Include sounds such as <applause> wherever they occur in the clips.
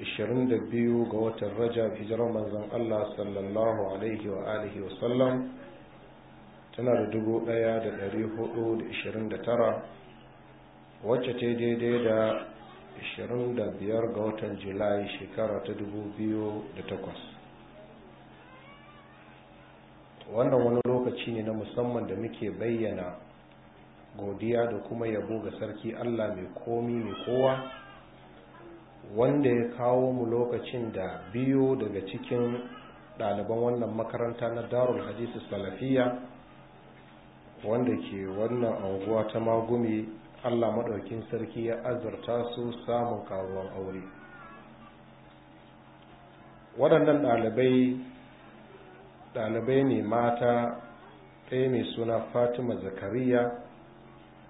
22 ga watan rajab hijirar manzon Allah sallallahu alaihi wa alihi wa sallam tana da 1429 wacce ta daidai da 25 ga watan julai shekara ta 2008 wannan wani lokaci ne na musamman da muke bayyana godiya da kuma yabo ga sarki Allah mai komi mai kowa wanda ya kawo mu lokacin da biyu daga cikin ɗaliban wannan makaranta na darul hadisi salafiya wanda ke wannan anguwa ta magumi allah maɗaukin sarki ya azarta su samun karuwan aure waɗannan ɗalibai ɗalibai ne mata ɗaya mai suna fatima zakariya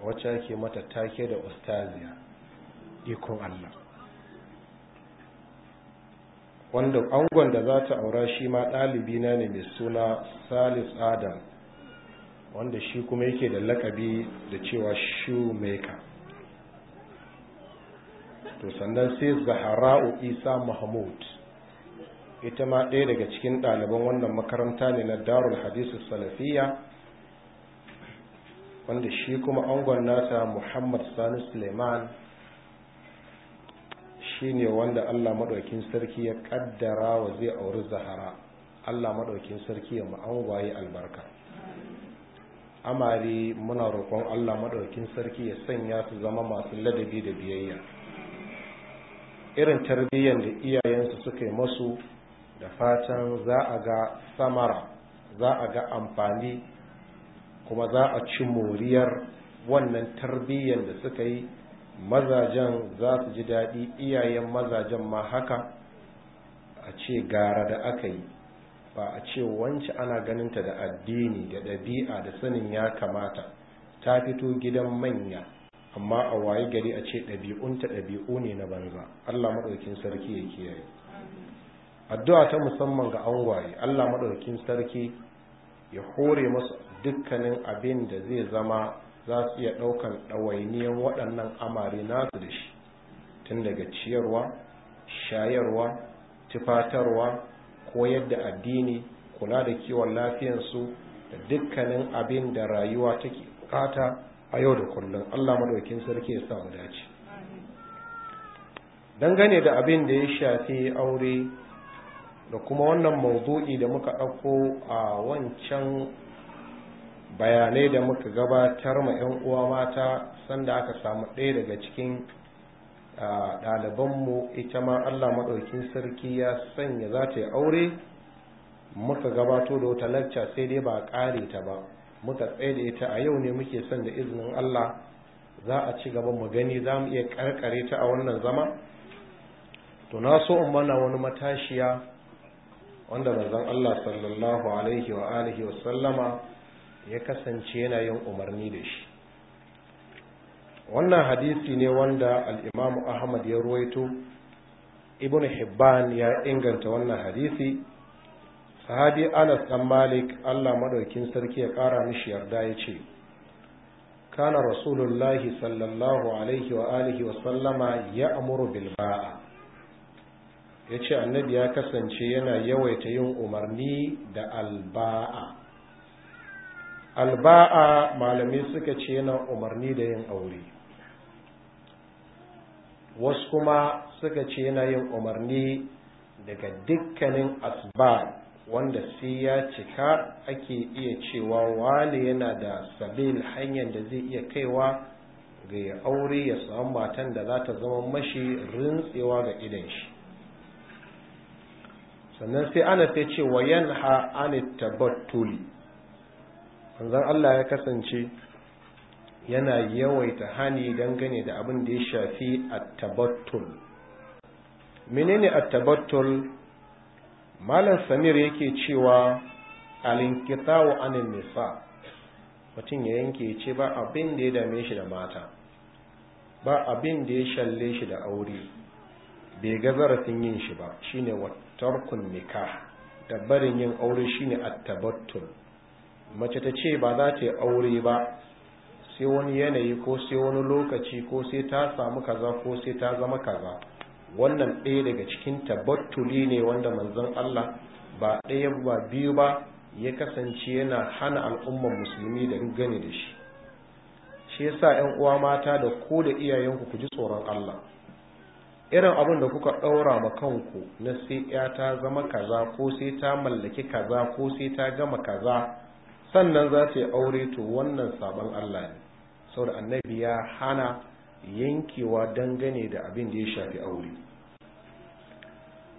wacce ake mata take da ustaziya ikon allah wanda angon da za ta aura shi ma ɗalibi na ne mai suna salis adam wanda shi kuma yake da lakabi da cewa shoemaker to sannan sai zahara'u isa mahmud ita ma ɗaya daga cikin ɗaliban wannan makaranta ne na darul hadisu salafiya wanda shi kuma angon nata muhammad sani suleiman ne wanda Allah madaukin sarki ya kaddara wa zai auri zahara Allah madaukin sarki ya ma'angwaye albarka amare muna roƙon Allah madaukin sarki ya sanya su zama masu ladabi da biyayya irin tarbiyyar da iyayensu suka yi masu da fatan za a ga samara za a ga amfani kuma za a ci moriyar wannan tarbiyyar da suka yi mazajen za su ji daɗi iyayen mazajen ma haka a ce gara da aka yi ba a ce wance ana ganinta da addini da ɗabi'a da sanin ya kamata ta fito gidan manya amma a waye gari a ce ɗabi'unta ɗabi'u ne na banza allah maɗaukin sarki ya kiyaye addu'a ta musamman ga an waye, allah maɗaukin sarki ya hore masu dukkanin abin da zai zama za su iya ɗaukar ɗawainiyar waɗannan amare nasu da shi tun daga ciyarwa shayarwa tufatarwa koyar da addini kula da kiwon lafiyansu da dukkanin abin da rayuwa take bukata a yau da kullum allah maɗaukin sarki ya samu dace dangane da abin da ya shafi aure da kuma wannan mawdu'i da muka ɗauko a wancan bayanai da muka gabatar ma 'yan uwa mata sanda aka samu ɗaya daga cikin ɗalibanmu ita ma allah maɗaukin sarki ya sanya za ta yi aure muka gabato da wata lacca sai dai ba ƙare ta ba muka tsaye da ita a yau ne muke son da izinin allah za a ci gaba mu gani za mu iya ƙarƙare ta a wannan zama to na so in mana wani matashiya wanda manzon allah sallallahu alaihi wa alihi wa sallama ya kasance yana yin umarni da shi wannan hadisi ne wanda al'imamu ahmad ya ruwaito ibn hibban ya inganta wannan hadisi sahabi anas dan malik allah maɗaukin sarki ya ƙara mishi yarda ya ce kana rasulullahi sallallahu alaihi wa alihi wa sallama ya amuru bilba'a ya ce annabi ya kasance yana yawaita yin umarni da alba'a alba'a malami suka ce yana umarni da yin aure wasu kuma suka ce yana yin umarni daga dukkanin asba wanda sai ya cika ake iya cewa wani yana da sabil hanyar da zai iya kaiwa ga ya aure ya samu matan da za ta zama mashi rintsewa ga idan shi sannan sai ana sai ce wa yanha anit tabattuli manzon Allah ya kasance yana yawaita hani dangane da abin da ya shafi attabattul menene attabattul malam samir yake cewa alinkitawu anin nisa mutum ya yanke ce ba abin da ya dame shi da mata ba abin da ya shalle shi da aure bai ga zarafin yin shi ba shine wattarkun nikah da barin yin aure shine attabattul mace ta ce ba za ta yi aure ba sai wani yanayi ko sai wani lokaci ko sai ta samu kaza ko sai ta zama kaza wannan ɗaya daga cikin tabbatuli ne wanda manzon Allah ba ɗaya ba biyu ba ya kasance yana hana al'ummar musulmi da gani da shi shi yasa ƴan uwa mata da ko da iyayenku ku ji tsoron Allah irin abin da kuka ɗaura ma kanku na sai ya ta zama kaza ko sai ta mallaki kaza ko sai ta gama kaza sannan za ta yi aure to wannan sabon Allah ne saboda annabi ya hana yankewa dangane da abin da ya shafi aure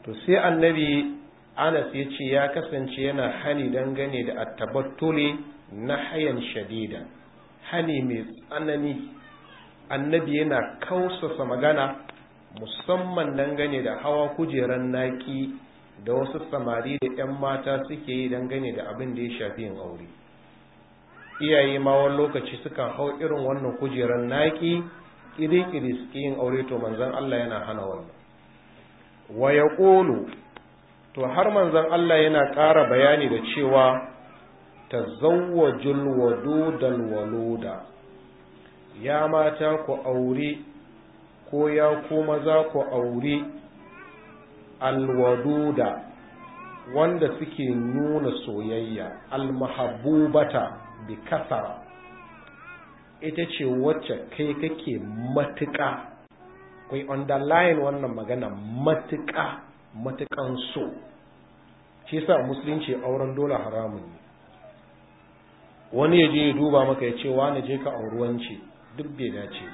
to sai annabi Anas ya ce ya kasance yana hani dangane da attabattuli na hayan shadida hani mai tsanani annabi yana kausasa magana musamman dangane da hawa kujeran naki da wasu samari da 'yan mata suke yi dangane da abin da ya shafi yin aure iyaye ma wani lokaci sukan hau irin wannan kujeran naki kiri-kiri suke yin aure to manzan Allah yana hana wannan wa ya to har manzan Allah yana ƙara bayani da cewa ta zawwajul waluda ya mata ku aure ko ya kuma za ku aure alwaduda wanda suke nuna soyayya almahabubata. bi kasara ita ce wacce kai kake matuƙa kai underline wannan magana matuƙa matuƙan so shi sa musulunci auren dole haramun ne wani ya je ya duba maka ya ce wani je ka auruwanci duk bai dace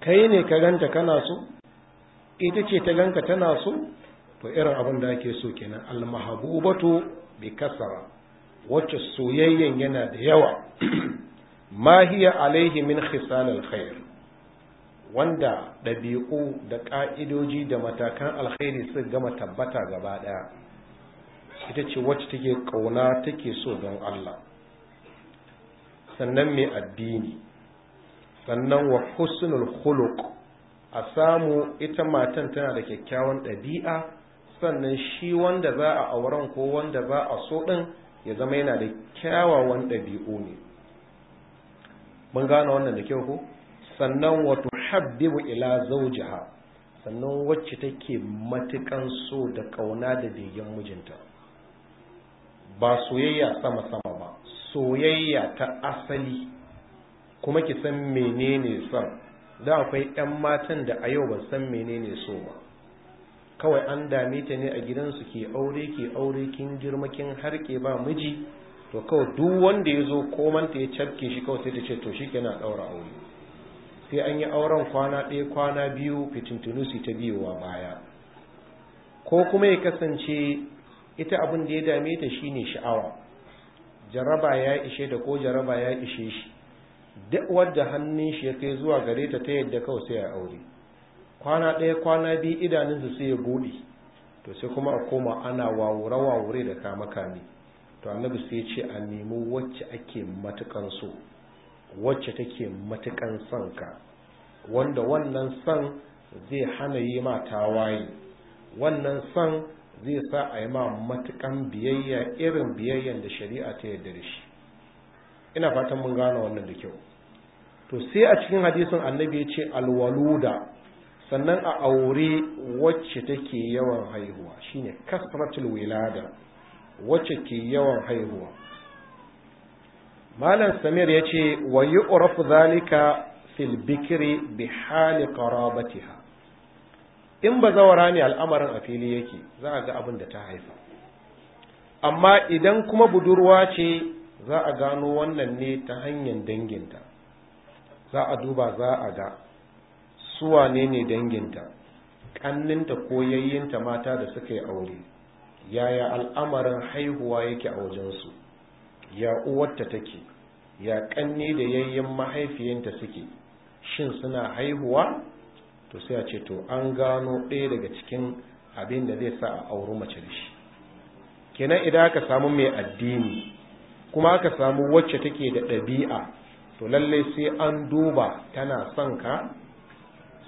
kai ne ka ganta kana so ita ce ta ganka tana so to irin abin da ake so kenan almahabubatu bi kasara wacce soyayyen yana da yawa mahiya hiya alaihi min khisal alkhair wanda dabi'u da ƙa'idoji da matakan alkhairi su gama tabbata gaba ɗaya ita ce wacce take ƙauna take so don Allah sannan mai addini sannan wa husnul khuluq a samu ita matan tana da kyakkyawan ɗabi'a sannan shi wanda za a auren ko wanda za a so ɗin ya zama yana da kyawawan ɗabi'u ne mun gano wannan da kyau ko sannan wato Habibu ila zawjiha sannan wacce take matukan so da kauna da begen mijinta ba soyayya sama sama ba soyayya ta asali kuma ki san menene son da akwai 'yan matan da a yau ban san menene so ba kawai an dame ta ne a gidansu ke aure ke aure kin girma kin harke ba miji to kawai duk wanda ya zo komanta ya cafke shi kawai sai ta ce to shi kenan ɗaura aure sai an yi auren kwana ɗaya kwana biyu fitintunu su ta biyowa baya ko kuma ya kasance ita abin da ya dame ta shine sha'awa jaraba ya ishe da ko jaraba ya ishe shi duk wadda hannun shi ya kai zuwa gare ta ta yadda kawai sai ya aure kwana ɗaya kwana biyu su sai ya buɗe to sai kuma a koma ana wawura wawure da kama kame to annabi sai ce a nemi wacce ake matukan so wacce take matukan son ka wanda wannan son zai hana yi ma tawaye wannan son zai sa a yi ma matukan biyayya irin biyayyan da shari'a ta yarda da shi ina fatan mun gane wannan da kyau to sai a cikin hadisin annabi ya ce alwaluda sannan a aure wacce take yawan haihuwa shine kasratul wilada wacce ke yawan haihuwa malam samir ya ce wa ƙorafu zalika fil bi hali ha? in ba zawara ne al'amarin a fili yake za a ga abin da ta haifa amma idan kuma budurwa ce za a gano wannan ne ta hanyar danginta za a duba za a ga su wane ne danginta ƙanninta ko yayyinta mata da suka yi aure yaya al'amarin haihuwa yake a wajensu ya uwarta take ya ƙanni da yayyin mahaifiyanta suke shin suna haihuwa to sai a ce to an gano ɗaya daga cikin abin da zai sa a auri mace da shi kenan idan aka samu mai addini kuma aka samu wacce take da ɗabi'a to lallai sai an duba tana son ka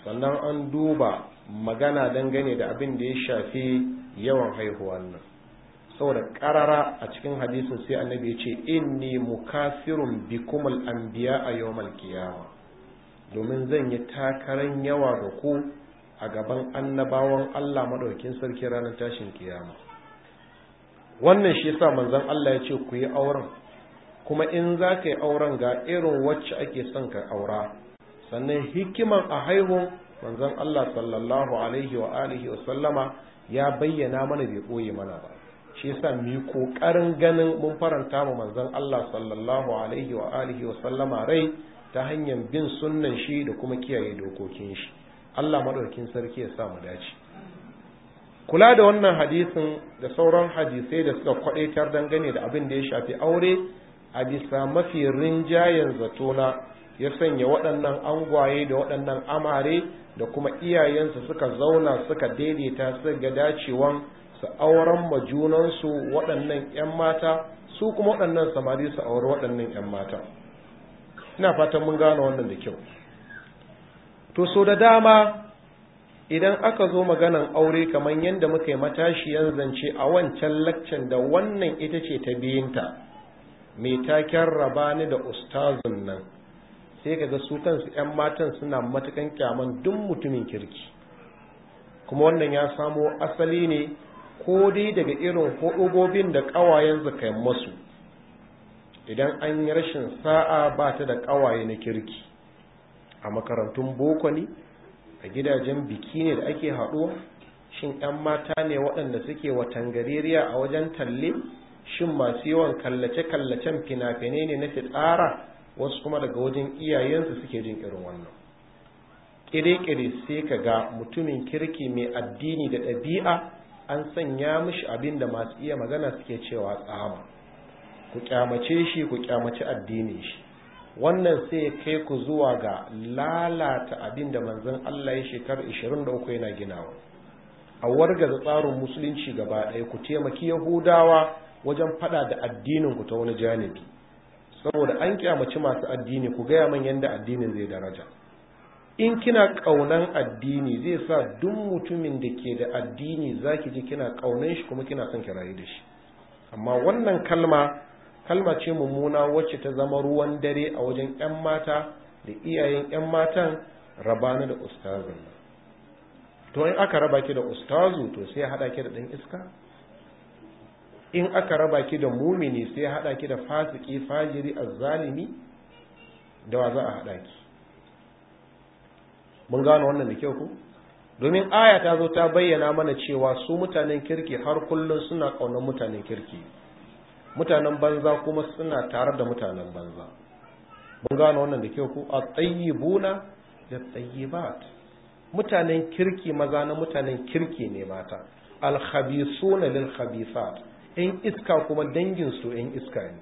sannan an duba magana dangane da abin da ya shafi yawan haihuwa nan saboda karara a cikin hadisin sai annabi ya ce inni mukafirun al anbiya a yawmal qiyama domin zan yi takaran yawa ga ku a gaban annabawan Allah madaukin sarki ranar tashin kiyama wannan shi yasa manzon Allah ya ce ku yi auren kuma in za ka yi auren ga irin wacce ake son ka aura sannan hikiman a haihun manzon Allah sallallahu alaihi wa alihi wa sallama ya bayyana mana bai koye mana ba shi yasa mu yi kokarin ganin mun faranta ma manzon Allah sallallahu alaihi wa alihi wa sallama rai ta hanyar bin sunnan shi da kuma kiyaye dokokin shi Allah madaukakin sarki ya sa mu dace kula da wannan hadisin da sauran hadisai da suka kwadaitar dangane da abin da ya shafi aure a bisa mafi rinjayen zato na. ya sanya waɗannan angwaye da waɗannan amare da kuma iyayensu suka zauna suka daidaita su ga dacewan su auren majunansu waɗannan 'yan mata su kuma waɗannan samari su auri waɗannan 'yan mata ina fatan mun gane wannan da kyau to so da dama idan aka zo maganan aure kamar yadda muka yi matashi yan zance a wancan laccan da wannan ita ce ta biyinta mai taken rabani da ustazun nan sai kaga su kansu yan matan suna matukan kyaman duk mutumin kirki kuma wannan ya samo asali ne ko dai daga irin hudugobin da kawayen zakai masu idan an yi rashin sa'a ba ta da ƙawaye na kirki a makarantun boko ne a gidajen biki ne da ake haɗuwa shin 'yan mata ne waɗanda suke watangaririya a wajen talle shin masu yawan kallace-kallacen fina-finai ne na fitsara wasu kuma daga wajen iyayensu suke jin irin wannan kire sai ka ga mutumin kirki mai addini da ɗabi'a an sanya mishi abin da masu iya magana suke cewa tsama ku ƙyamace shi ku ƙyamaci addini shi wannan sai ya kai ku zuwa ga lalata abin da manzon Allah ya shekar 23 yana ginawa a wargaza tsarin musulunci gaba ɗaya ku taimaki yahudawa wajen fada da addinin ku ta wani janibi saboda an kyamaci masu addini ku gaya man yadda addinin zai daraja in kina ƙaunan addini zai sa duk mutumin da ke da addini za ki ji kina ƙaunan shi kuma kina son kirayi da shi amma wannan kalma kalma ce mummuna wacce ta zama ruwan dare a wajen 'yan mata da iyayen 'yan matan rabana da ustazu to in aka raba ki da ustazu to sai ya haɗa ki da ɗan iska in aka raba ki da mumini sai ya hada ki da fasiki fajiri azzalimi da wa za a hada ki mun gano wannan da kyau ku? domin aya ta zo ta bayyana mana cewa su mutanen kirki har kullum suna kaunar mutanen kirki mutanen banza kuma suna tare da mutanen banza mun gano wannan da kyau ku? a tsayibuna da tsayibat mutanen kirki maza na mutanen kirki ne mata alkhabisuna lil khabisat 'yan iska kuma dangin su 'yan iska ne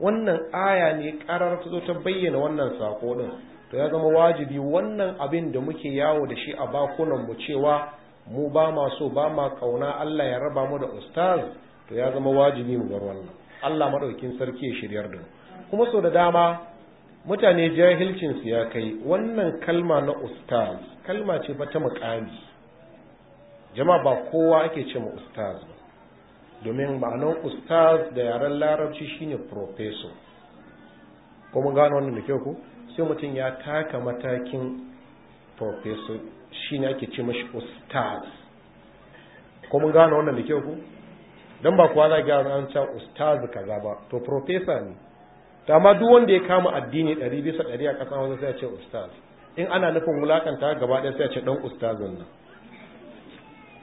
wannan aya ne karar ta zo ta bayyana wannan sako ɗin. to ya zama wajibi wannan abin da muke yawo da shi a bakunan mu cewa mu ba ma so ba ma kauna Allah ya raba mu da ustaz to ya zama wajibi mu bar wannan Allah madaukin sarki ya shiryar da kuma so da dama mutane jahilcin su ya kai wannan kalma na ustaz kalma ce ba ta muƙami jama'a ba kowa ake ce ma ustaz ba domin ma'anar ustaz da yaren larabci shine professor kuma gano wannan da kyau ku sai mutum ya taka matakin professor shine ake ce mashi ustaz kuma gano wannan da kyau ku don ba kuwa za gyara an can ustaz kaza ba to professor ne ta ma duk wanda ya kama addini ɗari bisa ɗari a ƙasa wanda sai a ce ustaz in ana nufin wulakanta gaba ɗaya sai a ce ɗan ustazin nan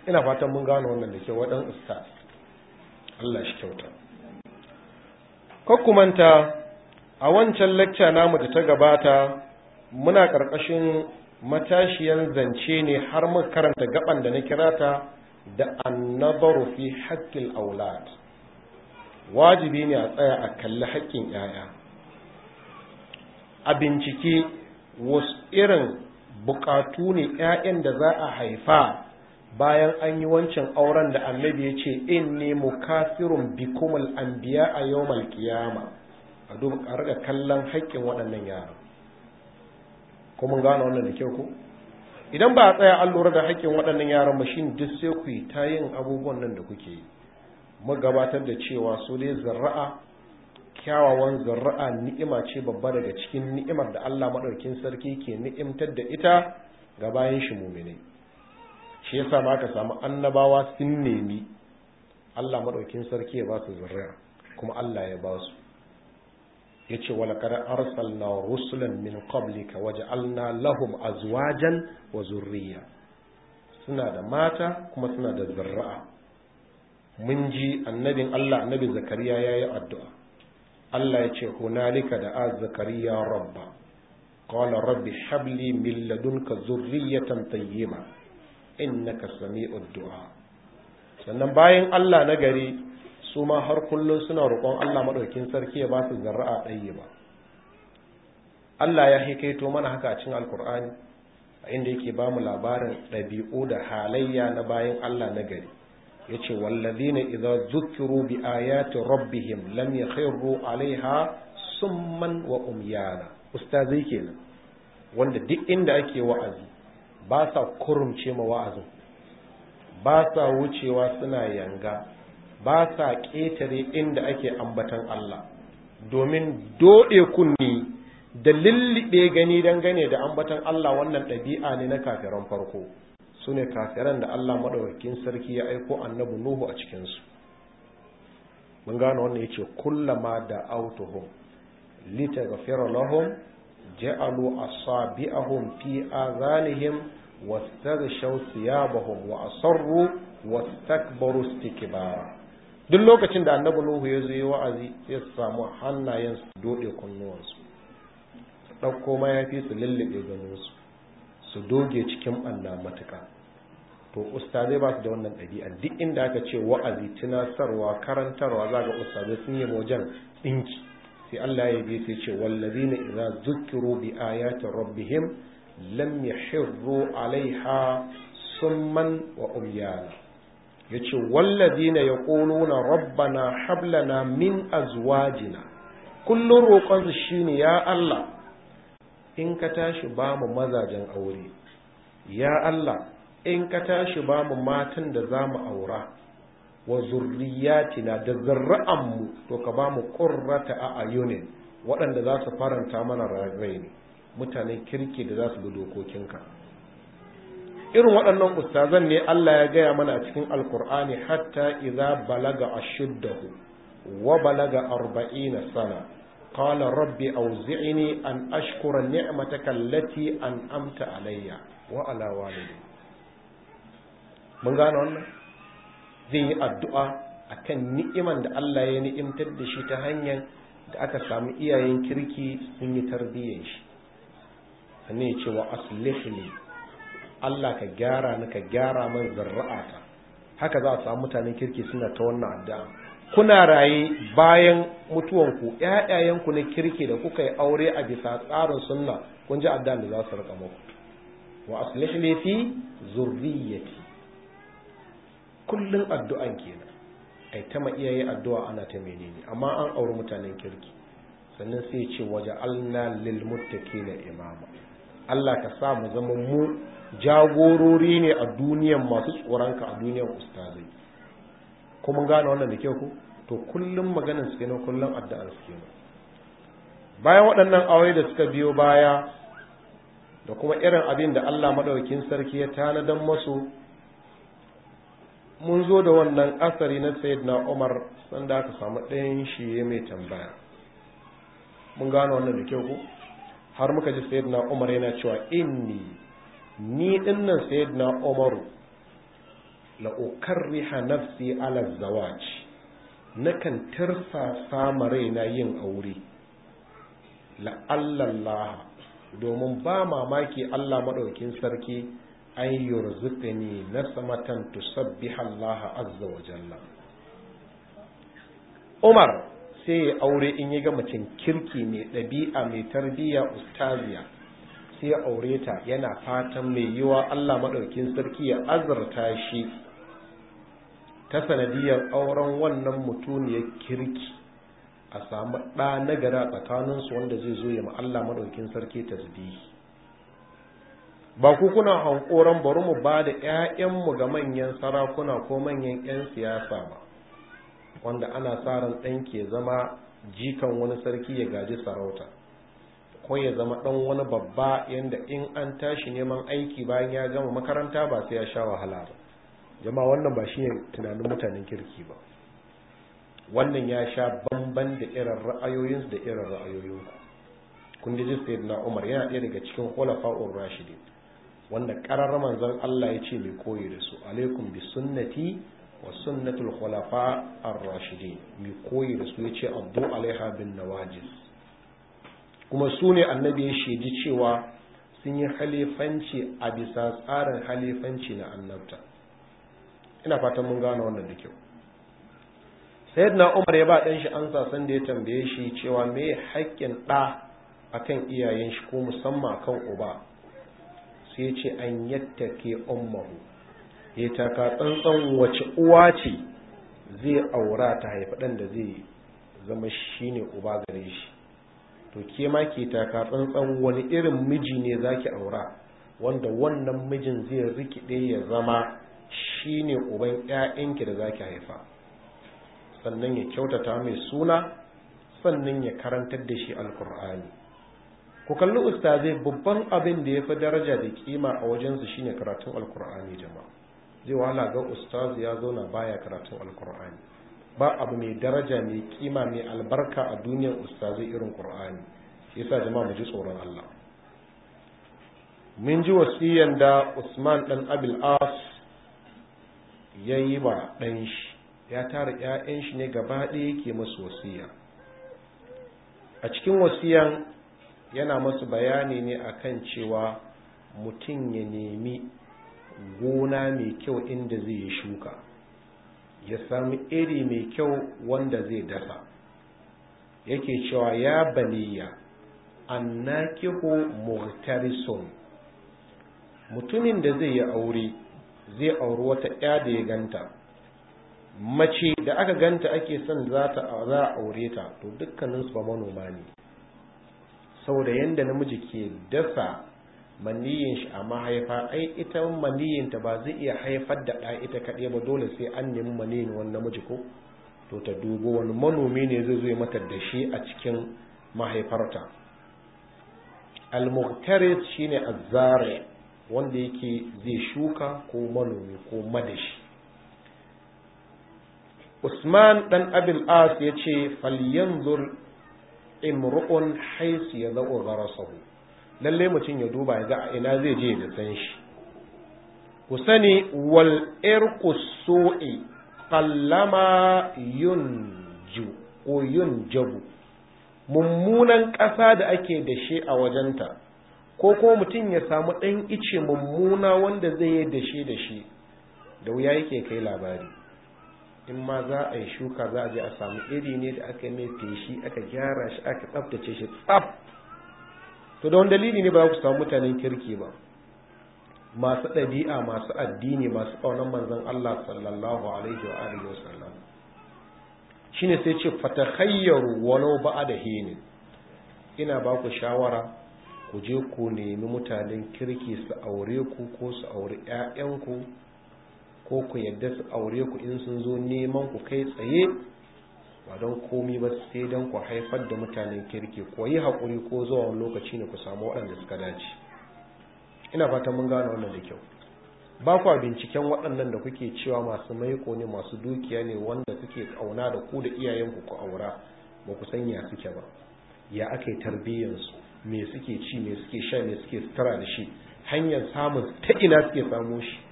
ina fatan mun gano wannan da kyau wa ɗan ustaz Allah shi kyauta Kokumanta a wancan lacca namu da ta gabata muna ƙarƙashin matashiyan zance ne har muka karanta gaban da na kirata da annabaru fi haƙƙil aulad wajibi ne a tsaya a kalli haƙƙin 'ya'ya a bincike wasu irin buƙatu ne 'ya'yan da za a haifa bayan an yi wancan auren da annabi ya ce in ne mukasirun bikumul anbiya a yau malkiyama a duba a kallon haƙƙin waɗannan yara ko mun wannan da kyau ko idan ba a tsaya an lura da haƙƙin waɗannan yaran ba shine duk sai ku yi ta yin abubuwan nan da kuke yi mu gabatar da cewa su dai zara'a, kyawawan zarra'a ni'ima ce babba daga cikin ni'imar da Allah Maɗaukin sarki ke ni'imtar da ita ga bayan shi muminai shi yasa ma ka samu annabawa sun nemi Allah madaukin sarki ya ba su kuma Allah ya ba su yace wala kad arsalna rusulan min ka qablika waj'alna lahum azwajan wa zurriya suna da mata kuma suna da zurra mun ji annabin Allah annabi zakariya yayi addu'a Allah ya yace hunalika da a zakariya rabba qala rabbi habli min ladunka zurriyatan tayyiba innaka sami'ud du'a sannan bayan Allah na gari su ma har kullum suna roƙon Allah madaukin sarki ya ba su zarra'a ɗaya ba Allah ya haikaito mana haka a cikin alkur'ani a inda yake ba mu labarin ɗabi'u da halayya na bayan Allah na gari yace wallazina idza zukiru bi ayati rabbihim lam yakhiru alaiha summan wa umyana ustazai kenan wanda duk inda ake wa'azi ba sa kurumce ma wa'azin ba sa wucewa suna yanga ba sa ƙetare inda ake ambatan Allah domin doɗe kunni da lulluɓe gani dangane da ambatan Allah wannan ɗabi'a ne na kafiran farko su ne kafiran da Allah maɗaukakin sarki ya aiko annabi Nuhu a cikinsu mun gane wannan ya ce kullama da autuhum litaghfira lahum ja'alu asabi'ahum fi azanihim wastaghshaw thiyabahum wa asarru wastakbaru istikbara duk lokacin da annabi nuhu ya zo ya wa'azi ya samu hannayen su dode kunnuwansu ɗauko fi su lullube ganinsu su doge cikin ɓanna matuka to ustazai ba su da wannan ɗabi'a duk inda aka ce wa'azi tunasarwa karantarwa zaga ga ustazai sun yi wajen tsinki. sai Allah ya biye sai ce wallazina idza zukkiru bi ayati rabbihim lam yahirru alaiha summan wa umyana yace wallazina yaquluna rabbana hablana min azwajina kullun roƙon shine ya Allah in ka tashi ba mu mazajen aure ya Allah in ka tashi ba mu matan da za mu aura wa zurriyatina da zarra'anmu to ka ba mu qurrata a ayunin waɗanda za su faranta mana rai ne mutanen kirki da za su bi dokokinka irin waɗannan ustazan ne Allah ya gaya mana a cikin alkur'ani hatta idza balaga ashuddahu wa balaga arba'ina sana qala rabbi awzi'ni an ashkura ni'mataka an amta alayya wa alawa ne. mun gane wannan zai yi addu'a a kan ni'iman da Allah ya ni'imtar da shi ta hanyar da aka samu iyayen kirki sun yi tarbiyyar shi sannan ya ce wa ne Allah ka gyara ni ka gyara man zarra'ata haka za a samu mutanen kirki suna ta wannan addu'a kuna raye bayan mutuwanku ’ya’yayenku na kirki da kuka yi aure a bisa tsarin sunna kun ji addu'a da za su rika muku wa aslih ne fi zurriyyati Kullum addu'an kenan yi ta ma addu'a ana ta menene amma an auri mutanen kirki sannan sai ce waje alna lil muttaqina imama Allah ka sa mu zama mu jagorori ne a duniyar masu tsoronka a duniyar ustazai ko mun gane wannan da kyau ko to kullum maganar su kenan kullum addu'ar su kenan bayan waɗannan aure da suka biyo baya da kuma irin abin da Allah maɗaukin sarki ya tanadan masu mun zo da wannan asari na sayyidina umar sanda aka samu ɗayan shi mai tambaya mun gano wannan da kyau ko har muka ji sayyidina umar yana cewa inni ni dinnan sayyidina Umar la ukarriha nafsi ala zawaj nakan tarsa sama na yin aure la Allah domin ba mamaki Allah madaukin sarki an yurzuqni nasmatan tusabbiha Allah azza wa jalla Umar sai ya aure in ya ga macen kirki mai ɗabi'a mai tarbiyya ustaziya sai ya aure ta yana fatan mai yiwa Allah madaukin sarki ya azurta shi ta sanadiyar auren wannan ya kirki a samu ɗa nagara tsakaninsu wanda zai zo ya ma Allah madaukin sarki ta tasbihi ba ku kuna hankoran bari mu ba da ‘ya'yanmu ga manyan sarakuna ko manyan ‘yan siyasa ba wanda ana sa ran ɗan ke zama jikan wani sarki ya gaji sarauta ko ya zama ɗan wani babba yadda in an tashi neman aiki bayan ya gama makaranta ba sai ya sha wahala ba jama wannan ba shi tunanin mutanen kirki ba wannan ya sha bamban da irin ra'ayoyinsu da irin ra'ayoyinku kun ji na umar yana ɗaya daga cikin khulafa'ur rashidin wanda ƙarar manzon Allah ya ce mai koyi da su alaikum bi sunnati wa sunnatul khulafa ar-rashidin mai koyi da su ya ce addu alaiha bin nawajis kuma su ne annabi ya shaidi cewa sun yi halifanci a bisa tsarin halifanci na annabta ina fatan mun gane wannan da kyau sayyidina umar ya ba ɗan shi ansa san da ya tambaye shi cewa mai haƙƙin ɗa akan iyayen shi ko musamman kan uba sai ya ce an yattake ummahu ya taka tsantsan wace uwa ce zai aura ta haifi ɗan da zai zama shine uba gare shi to ke ma ke taka tsantsan wani irin miji ne za ki aura wanda wannan mijin zai rikide ya zama shine uban ƴaƴanki da za ki haifa sannan ya kyautata mai suna sannan ya karantar da shi alkur'ani ku kalli ustazai babban abin da ya fi daraja da kima a wajensu shine karatun alkur'ani jama'a zai wahala ga ustaz ya zauna baya karatun alkur'ani ba abu mai daraja mai kima mai albarka a duniyar ustazai irin qur'ani yasa jama'a mu ji tsoron Allah mun ji wasiyan da Usman dan Abil As yayi ba dan shi ya tara ƴaƴan shi ne gaba ɗaya yake musu wasiya a cikin wasiyan yana masu bayani ne akan cewa mutum ya nemi gona mai kyau inda zai yi shuka ya sami iri mai kyau wanda zai dasa yake cewa ya baliya annakihu muhtarisun mutumin da zai yi aure zai auri wata ya da ya ganta mace da aka ganta ake son za a aure ta to dukkaninsu ba manoma ne saboda yadda namiji ke dasa maniyin shi a mahaifa ai ita maniyin ta ba zai iya haifar da ɗa ita kaɗai ba dole sai an nemi maniyin wani namiji ko to ta dubo wani manomi ne zai zo mata da shi a cikin mahaifarta al-muqtarid shine azzare wanda yake zai shuka ko manomi ko madashi Usman dan Abil As yace falyanzur imru'un haisu ya za'u gharasahu lalle mutum ya duba ya ga a ina zai je da san shi ku sani wal irqu su'i qallama yunju ko yunjabu mummunan ƙasa da ake da shi a wajenta ko ko mutum ya samu ɗan ice mummuna wanda zai yi da shi da shi da wuya yake kai labari in ma za a yi shuka za a je a samu iri ne da aka mai feshi aka gyara shi aka tsaftace shi tsab. to da wani dalili ne ba ku samu mutanen kirki ba masu ɗabi'a masu addini masu ƙaunar manzon Allah sallallahu alaihi wa alihi wasallam shine sai ce fatahayyaru walau ba'da ne, ina ba ku shawara ku je ku nemi mutanen kirki su aure ku ko su aure 'ya'yanku ko ku yadda su aure ku in sun zo neman ku kai tsaye ba don komi ba sai don ku haifar da mutanen kirki ko yi haƙuri ko zuwa wani lokaci ne ku samu waɗanda suka dace ina fatan mun gane wannan da kyau ba kwa binciken waɗannan da kuke cewa masu maiko ne masu dukiya ne wanda kuke ƙauna da ku da iyayenku ku aura ba ku san ya suke ba ya aka yi tarbiyyarsu me suke ci me suke sha me suke sutura da shi hanyar samun ta ina suke samo shi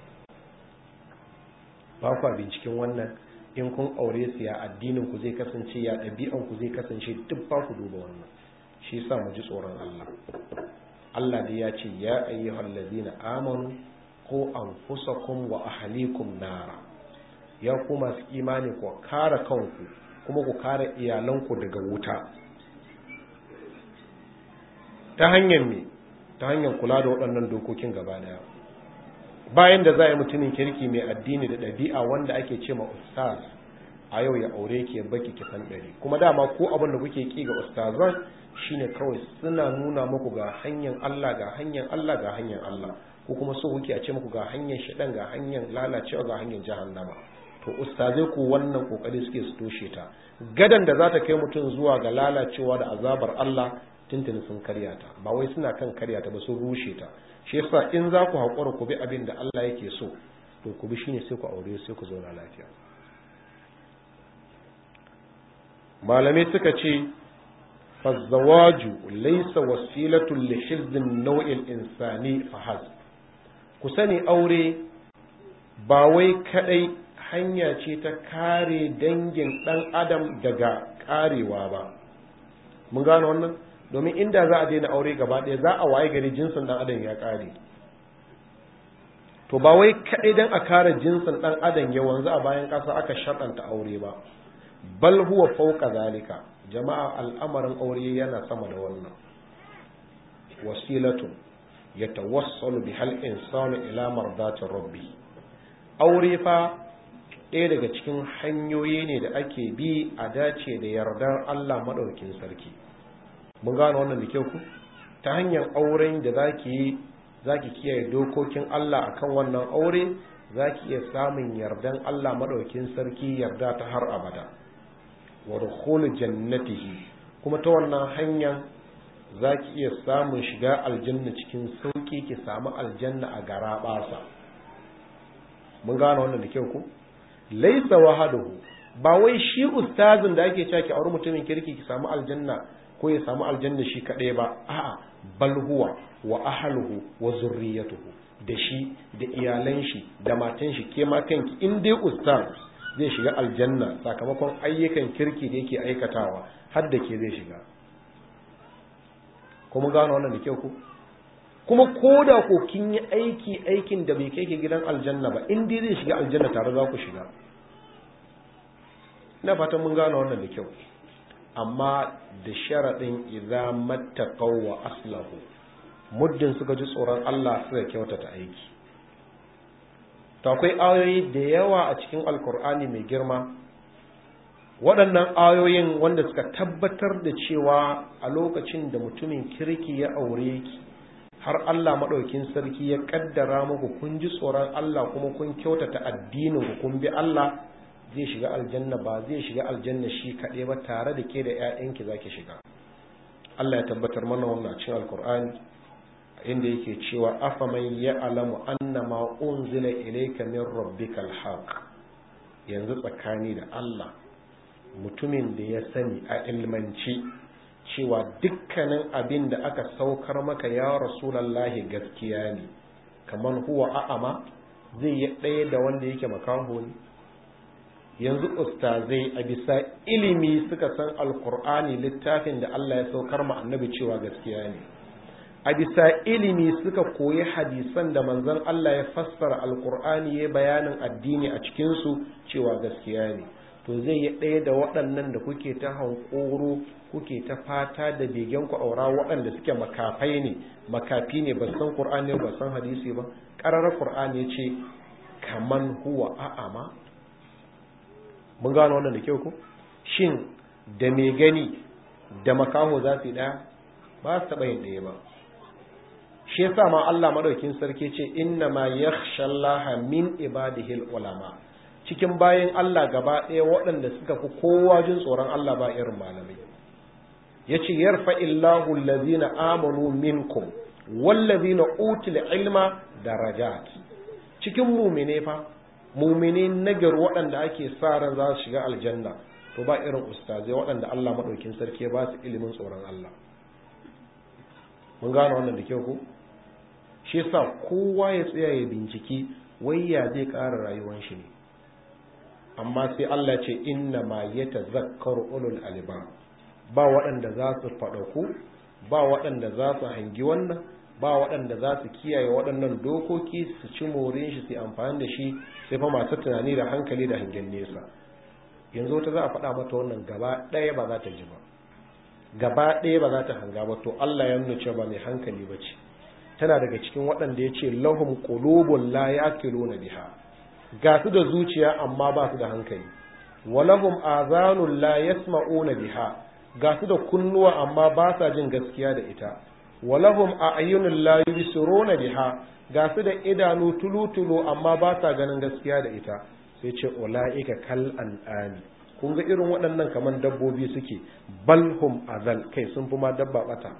ba kwa binciken wannan in kun aure su ya addinin ku zai kasance ya ɗabi'an ku zai kasance duk ba ku duba wannan shi sa mu ji tsoron Allah Allah dai ya ce ya ayyuhal ladina amanu kusa anfusakum wa ahlikum nara ya ku masu imani ku kare kanku kuma ku kare iyalanku daga wuta ta hanyar me ta hanyar kula da waɗannan dokokin gaba daya bayan da za a yi mutumin kirki mai addini da ɗabi'a wanda ake ce ma ustaz a yau ya aure ki baki ki san ɗari kuma dama ko abin da kuke ki ga ustazan shine kawai suna nuna muku ga hanyar Allah ga hanyar Allah ga hanyar Allah ko kuma so kuke a ce muku ga hanyar shaɗan ga hanyar lalacewa ga hanyar jahannama to ustazai ku wannan kokari suke su toshe ta gadan da za ta kai mutum zuwa ga lalacewa da azabar Allah tuntuni sun karya ta ba wai suna kan karya ta ba sun rushe ta shi yasa in za ku haƙura ku bi abin da Allah yake so to ku bi shine sai ku aure sai ku zauna lafiya malamai suka ce fazzawaju laysa wasilatun li hizbin nau'il insani fahaz ku sani aure ba wai kadai hanya ce ta kare dangin dan adam daga karewa ba mun gane wannan domin inda za a daina aure gaba ɗaya za a waye gari jinsin ɗan adam ya ƙare to ba wai kaɗai don a kare jinsin ɗan adam ya wanzu a bayan ƙasa aka shaɗanta aure ba bal huwa fauka zalika jama'a al'amarin aure yana sama da wannan wasilatu ya tawassalu bi hal insanu ilamar mardatin rabbi aure fa ɗaya daga cikin hanyoyi ne da ake bi a dace da yardar Allah maɗaukin sarki mun gane wannan da kyau ku ta hanyar auren da zaki yi zaki kiyaye dokokin Allah akan wannan aure zaki iya samun yardan Allah madaukin sarki yarda ta har abada wa dukhulu jannatihi kuma ta wannan hanyar zaki iya samun shiga aljanna cikin sauki ki samu aljanna a gara basa mun gane wannan da kyau ku laisa wahaduhu ba wai shi ustazin da ake cewa ki aure mutumin kirki ki samu aljanna ko ya samu aljanna shi kaɗai ba a'a bal huwa wa ahluhu wa zurriyatuhu da shi da iyalan shi da matan shi ke ma kanki in dai ustaz zai shiga aljanna sakamakon ayyukan kirki da yake aikatawa har da ke zai shiga kuma gano wannan da kyau ku kuma ko da ko kin yi aiki aikin da bai kai ke gidan aljanna ba in dai zai shiga aljanna tare za ku shiga ina fatan mun gano wannan da kyau amma da sharaɗin idan matakau wa aslahu muddin suka ji tsoron Allah suka kyautata aiki to akwai ayoyi da yawa a cikin alkur'ani mai girma waɗannan ayoyin wanda suka tabbatar da cewa a lokacin da mutumin kirki ya aure ki har Allah maɗaukin sarki ya ƙaddara muku kun ji tsoron Allah kuma kun kyautata addinin kun bi Allah zai shiga aljanna ba zai shiga aljanna shi kaɗai ba tare da ke da 'ya'yanki za ki shiga Allah ya tabbatar mana wannan cin alkur'ani inda yake cewa afa mai man ya'lamu anna ma unzila ilaika, min rabbikal haqq yanzu tsakani da Allah mutumin da ya sani a ilmanci cewa dukkanin abin da aka saukar maka ya rasulallahi gaskiya ne kamar huwa a'ama zai yi ɗaya da wanda yake makaho ne yanzu ustazai a bisa ilimi suka san alkur'ani littafin da Allah ya saukar ma annabi cewa gaskiya ne a bisa ilimi suka koyi hadisan da manzon Allah ya fassara alkur'ani ya bayanin addini a cikinsu cewa gaskiya ne to zai yi ɗaya da waɗannan da kuke ta hankoro kuke ta fata da begen ku aura waɗanda suke makafai ne makafi ne ba san qur'ani ba san hadisi ba ƙararar qur'ani ce kaman huwa a'ama mun gano wannan da kyau ko shin da mai gani da makaho za su yi ɗaya ba su taɓa yin ɗaya ba shi yasa ma Allah madaukin sarki ce inna ma yakhshallaha min ibadihi ulama cikin bayan Allah gaba ɗaya waɗanda suka fi kowa jin tsoron Allah ba irin malamai yace yarfa illahu allazina amanu minkum wallazina utul ilma darajat cikin mu'mine fa mumini nagar waɗanda ake sa ran za su shiga aljanna to ba irin ustazai waɗanda Allah maɗaukin sarki ya ba su ilimin tsoron Allah mun gane wannan da kyau ko shi sa kowa ya tsaya ya binciki wai ya zai ƙara rayuwar shi ne amma sai Allah ce inna ma yatazakkaru ulul albab ba waɗanda za su faɗaku ba waɗanda za su hangi wannan ba waɗanda za su kiyaye waɗannan dokoki su ci morin shi su amfani da shi sai fa masu tunani da hankali da hangen nesa yanzu ta za a faɗa mata wannan gaba ɗaya ba za ta ji ba gaba ɗaya ba za ta hanga ba to Allah ya nuna ba mai hankali ba ce tana daga cikin waɗanda ya ce lahum qulubun la yaqiluna biha ga su da zuciya amma ba su da hankali wa lahum azanun la yasma'una biha ga su da kunnuwa amma ba sa jin gaskiya da ita walahum a'yunul la yubsiruna biha ga su da idanu tulutulu amma ba sa ganin gaskiya da ita sai ce ulaika kal an'ani, kun ga irin waɗannan kaman dabbobi suke balhum azal kai sun fi ma dabba bata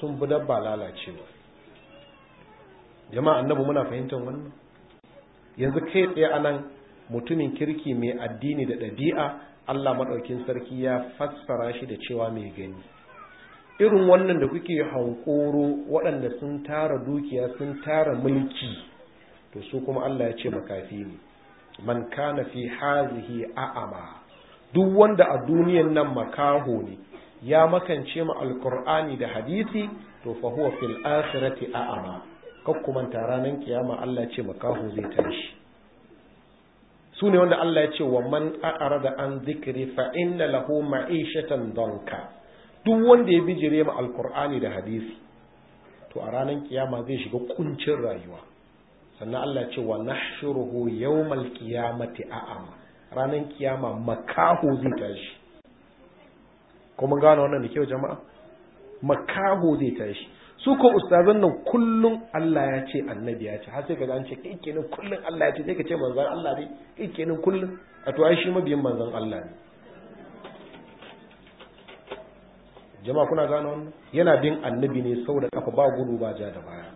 sun fi dabba lalacewa jama'a annabi muna fahimtar wannan yanzu kai tsaye a nan mutumin kirki mai addini da ɗabi'a Allah maɗaukin sarki ya fassara shi da cewa mai gani irin wannan da kuke hankoro waɗanda sun tara dukiya sun tara mulki to su kuma Allah ya ce makafi ne man kana fi hazihi a'ama duk wanda a duniyan nan makaho ne ya makance ma alqur'ani da hadisi to fa huwa fil akhirati a'ama tara ranar kiyama Allah ya ce makaho zai tashi su ne wanda Allah ya ce wa man a'rada an zikri fa inna lahu ma'ishatan dunka duk wanda ya bijire ma alkur'ani da hadisi to a ranar kiyama zai shiga kuncin rayuwa sannan Allah ce wa nahshuruhu yawmal qiyamati a'ama ranar kiyama makaho zai tashi kuma gano wannan da kyau jama'a makaho zai tashi su ko ustazan nan kullum Allah ya ce annabi ya ce har sai kaga an ce kai kenan kullum Allah ya ce sai ka ce manzon Allah ne kai kenan kullum a to ai shi mabiyin manzon Allah ne jama'a kuna gano wannan yana bin annabi ne sau da kafa ba gudu ba ja da baya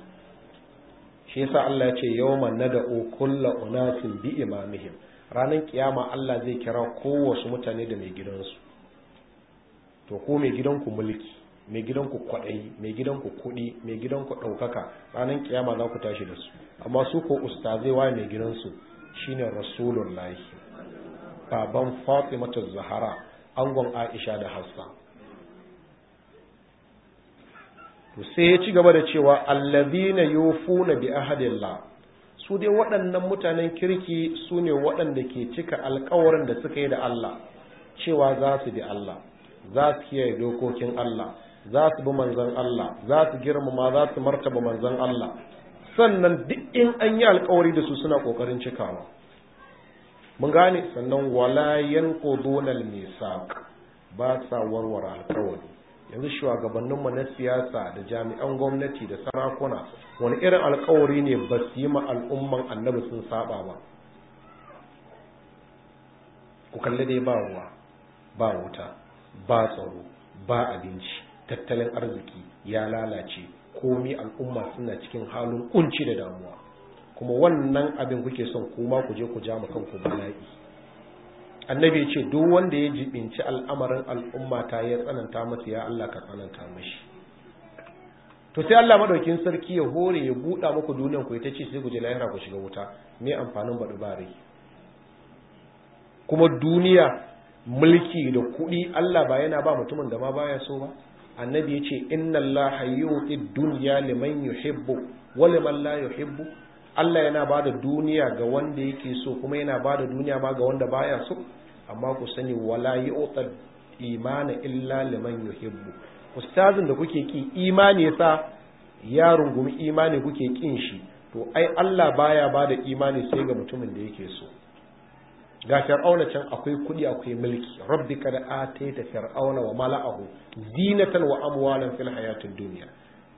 shi yasa Allah ya ce yawma nad'u kullu unasin bi imamihim Ranan kiyama Allah zai kira kowace mutane da mai gidansu to ko mai gidanku mulki mai gidanku kwaɗayi mai gidanku kuɗi mai gidanku ɗaukaka ranan kiyama za ku tashi da su amma su ko ustazai waye mai gidansu shine rasulullahi baban fatimatu zahara angon aisha da hassan to sai ya ci gaba da cewa allazina yufuna bi ahadillah su dai waɗannan mutanen kirki su ne waɗanda ke cika alkawarin da suka yi da Allah cewa za su bi Allah za su kiyaye dokokin Allah za su bi manzon Allah za su girmama za su martaba manzon Allah sannan duk in an yi alkawari da su suna kokarin cikawa mun gane sannan wala yanquduna misaq ba sa warware alkawari yanzu shugabanninmu na siyasa da jami'an gwamnati da sarakuna wani irin alkawari ne ba su yi ma al'umman annabi sun saba ba ku kalli dai ba ruwa ba wuta ba tsaro ba abinci tattalin arziki ya lalace komi al'umma suna cikin halin kunci da damuwa kuma wannan abin kuke son kuma ku je ku ja mu kanku bala'i annabi ya ce duk wanda ya jibinci al'amarin al'umma ta ya tsananta masu ya Allah ka tsananta mashi to sai Allah madaukin sarki ya hore ya buɗa muku duniyar ku ita ce sai ku je lahira ku shiga wuta me amfanin badu bare kuma duniya mulki da kuɗi Allah ba yana ba mutumin da ma baya so ba annabi ya ce inna Allah yu'ti dunya liman yuhibbu wa liman la yuhibbu Allah yana ba da duniya ga wanda yake so kuma yana ba da duniya ma ga wanda baya so amma ku sani wala yu'ta imana illa liman yuhibbu ustazin da kuke ki imani yasa ya rungumi imani kuke kin shi to ai Allah baya ba da imani sai ga mutumin da yake so ga fir'auna can akwai kudi akwai mulki rabbi da ataita fir'auna wa mala'ahu zinatan wa amwalan fil hayatid dunya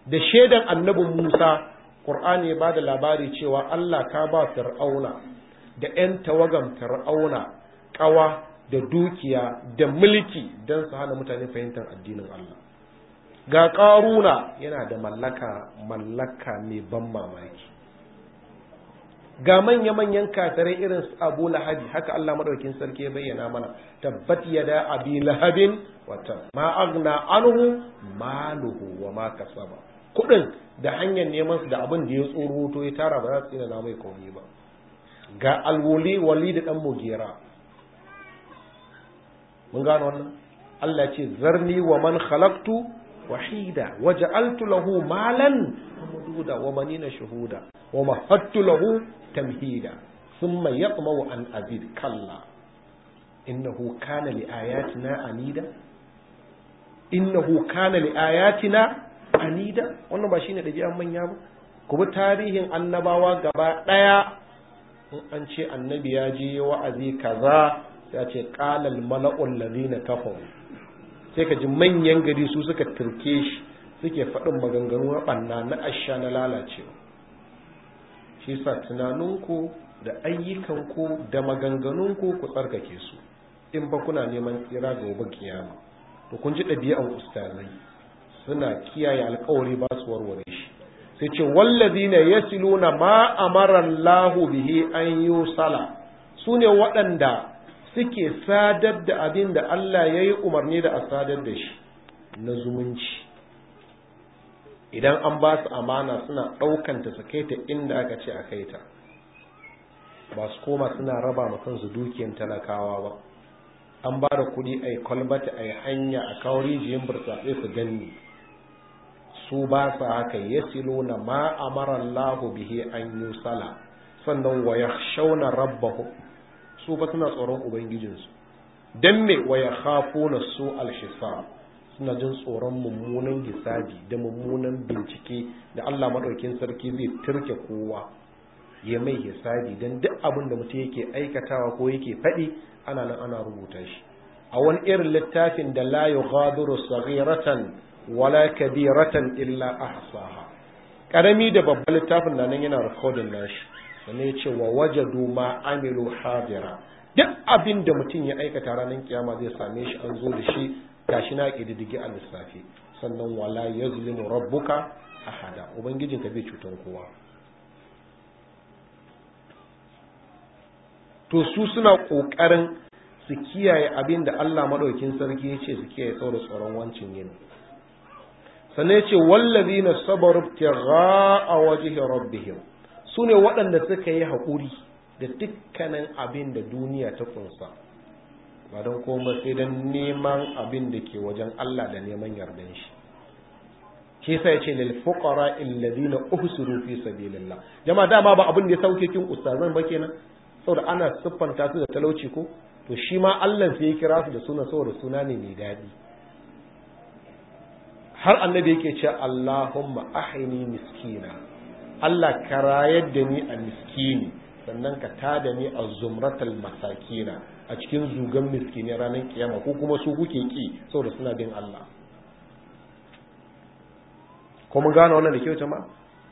da shedan annabi Musa Qur'ani ya ba da labari cewa Allah ka ba Fir'auna da 'yan tawagan Fir'auna ƙawa da dukiya da mulki don su hana mutane fahimtar addinin Allah. Ga ƙaruna yana da mallaka mallaka mai ban mamaki. Ga manya-manyan kafirai irin su Abu Lahabi haka Allah madaukin sarki ya bayyana mana tabbat ya yada abi lahabin wata ma aghna anhu maluhu wa ma kasaba. Kuɗin da hanyar neman su da abin da ya tsoro to ya tara ba za su tsina mai komai ba ga alwali wali da dan mugera mun gano wannan Allah ce zarni wa man khalaqtu wahida ja'altu lahu malan mududa wa manina shuhuda wa mahattu lahu tamhida thumma yatma'u an azid kalla innahu kana li ayatina anida innahu kana li ayatina anida wannan ba shine dabi'an manya ba ku bi tarihin annabawa gaba ɗaya in an ce annabi ya je wa'azi kaza ya ce qalal mala'ul ladina kafaru sai ka ji manyan gari su suka turke shi suke faɗin maganganu na ɓanna na asha na lalacewa shi sa tunaninku da ayyukanku da maganganunku ku tsarkake su in ba kuna neman tsira ga gobe kiyama to kun ji ɗabi'an ustazai suna kiyaye alkawari ba su warware shi sai ce wallazina yasiluna ma amara lahu bihi an yusala sune waɗanda suke sadar da abin da Allah ya yi umarni da a sadar da shi na zumunci idan an ba su amana suna ɗaukanta su kai inda aka ce a kai ta ba su koma suna raba ma kansu dukiyar talakawa ba an ba da kuɗi a yi kwalbata a yi hanya a kawo rijiyar burtsatsai su ganni su ba su haka na ma amara Allahu bihi an sala, sannan wa ya Rabba rabbahum su ba suna tsoron ubangijinsu Don me wa ya na su al suna jin tsoron mummunan hisabi da mummunan bincike da Allah maɗaukin sarki zai turke kowa ya mai hisabi Don duk abin da mutum yake aikatawa ko yake faɗi ana nan ana rubuta shi a wani irin littafin da la yughadiru saghiratan wala kabiratan illa ahsaha karami da babban littafin nan yana recording nashi sannan ya ce wa wajadu ma amilu hadira duk abin da mutum ya aikata ranar kiyama zai same shi an zo da shi gashi na kididdigi a lissafi sannan wala yazlimu rabbuka ahada ka bai cutar kowa to su suna kokarin su kiyaye abin da Allah madaukin sarki ya ce su kiyaye saboda tsaron wancin yini sannan yace wallazina sabaru tigha'a wajhi rabbihim ne waɗanda suka yi haƙuri da dukkanin abin da duniya ta kunsa ba don koma sai don neman abin da ke wajen Allah da neman yardan shi ke sai ce lil fuqara na uhsiru fi sabilillah jama'a dama ba abin da ya sauke kin ustazan ba kenan saboda ana siffanta su da talauci ko to shi ma Allah sai ya kira su da suna saboda suna ne mai daɗi har annabi yake ce Allahumma ahini miskina Allah ka rayar da ni a miskini sannan ka tada ni a zumratal masakina a cikin zugan miskini ranar kiyama ko kuma su kuke ki saboda suna bin Allah ko mun gane wannan da kyau ma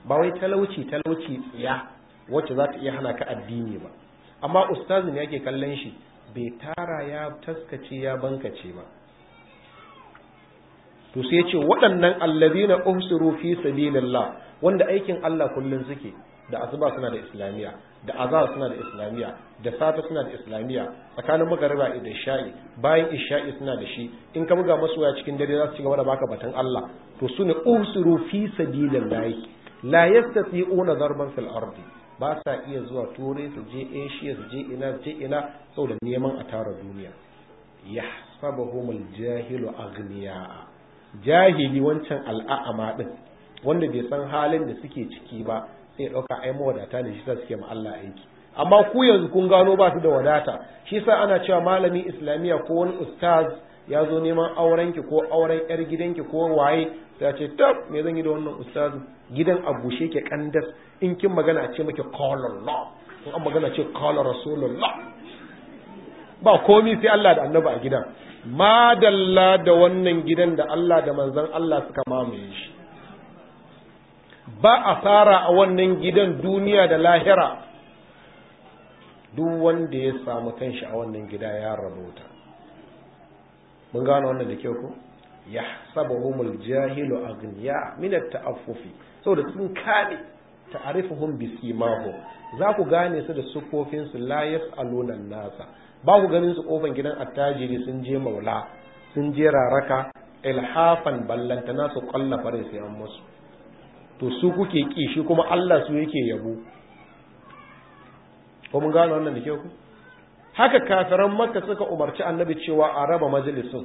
ba wai talauci talauci tsiya wacce za ta iya hana ka addini ba amma ustazin yake kallon shi bai tara ya taskace ya bankace ba to sai ce waɗannan allazina umsiru fi sabilillah wanda aikin Allah kullun suke da asuba suna da islamiya da azhar suna da islamiya da safa suna da islamiya tsakanin magariba da sha'i bayan isha'i suna da shi in ka buga masu waya cikin dare za su ci gaba da baka batun Allah to sune umsiru fi sabilillah la yastati'una darban fil ardi ba sa iya zuwa turai su je asia su je ina su je ina saboda neman a tara duniya yahsabuhumul jahilu aghniya'a jahili wancan al'a'ama din wanda bai san halin da suke ciki ba sai ɗauka ai mawadata ne shi sa suke ma Allah aiki amma ku yanzu kun gano ba su da wadata shi sa ana cewa malami islamiya ko wani ustaz ya zo neman aurenki ko auren yar gidanki ko waye sai ya ce tab me zan yi da wannan ustaz gidan bushe ke kandas in kin magana ce miki qala Allah in an magana ce qala rasulullah ba komi sai Allah da annabi a gidan madalla da wannan gidan da Allah da manzan Allah suka mamaye shi ba a fara a wannan gidan duniya da lahira duk wanda ya samu kanshi a wannan gida ya rabota mun gano wannan da kyau ko ya jahilu agniya minat ta'affufi saboda sun kame ta'arifuhum bisimahum za ku gane su da su la yas'aluna nasa ba ku ganin su kofan gidan attajiri sun je maula sun je raraka ilhafan na su kwalla fara sai an musu to su kuke ki kuma Allah su yake yabo ko mun gano wannan da ke haka kafiran makka suka umarci annabi cewa a raba majalisin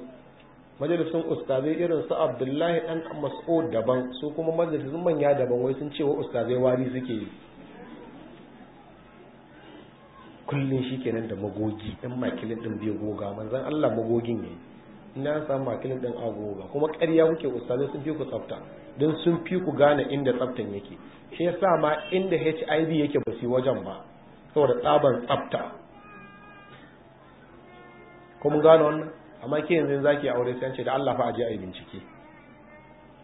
majalisin ustazai irin su abdullahi dan mas'ud daban su kuma majalisin manya daban wai sun ce wa ustazai wari suke yi kullum shi kenan da magogi ɗan makilin ɗin bai goga manzan Allah magogin ne ina samu makilin ɗin a goga kuma ƙarya kuke ustazai sun fi ku tsafta don sun fi ku gane inda tsaftan yake shi sa ma inda HIV yake ba su wajen ba saboda tsaban tsafta kuma gane wannan amma ke yanzu zaki aure sai an ce da Allah fa aje a yi bincike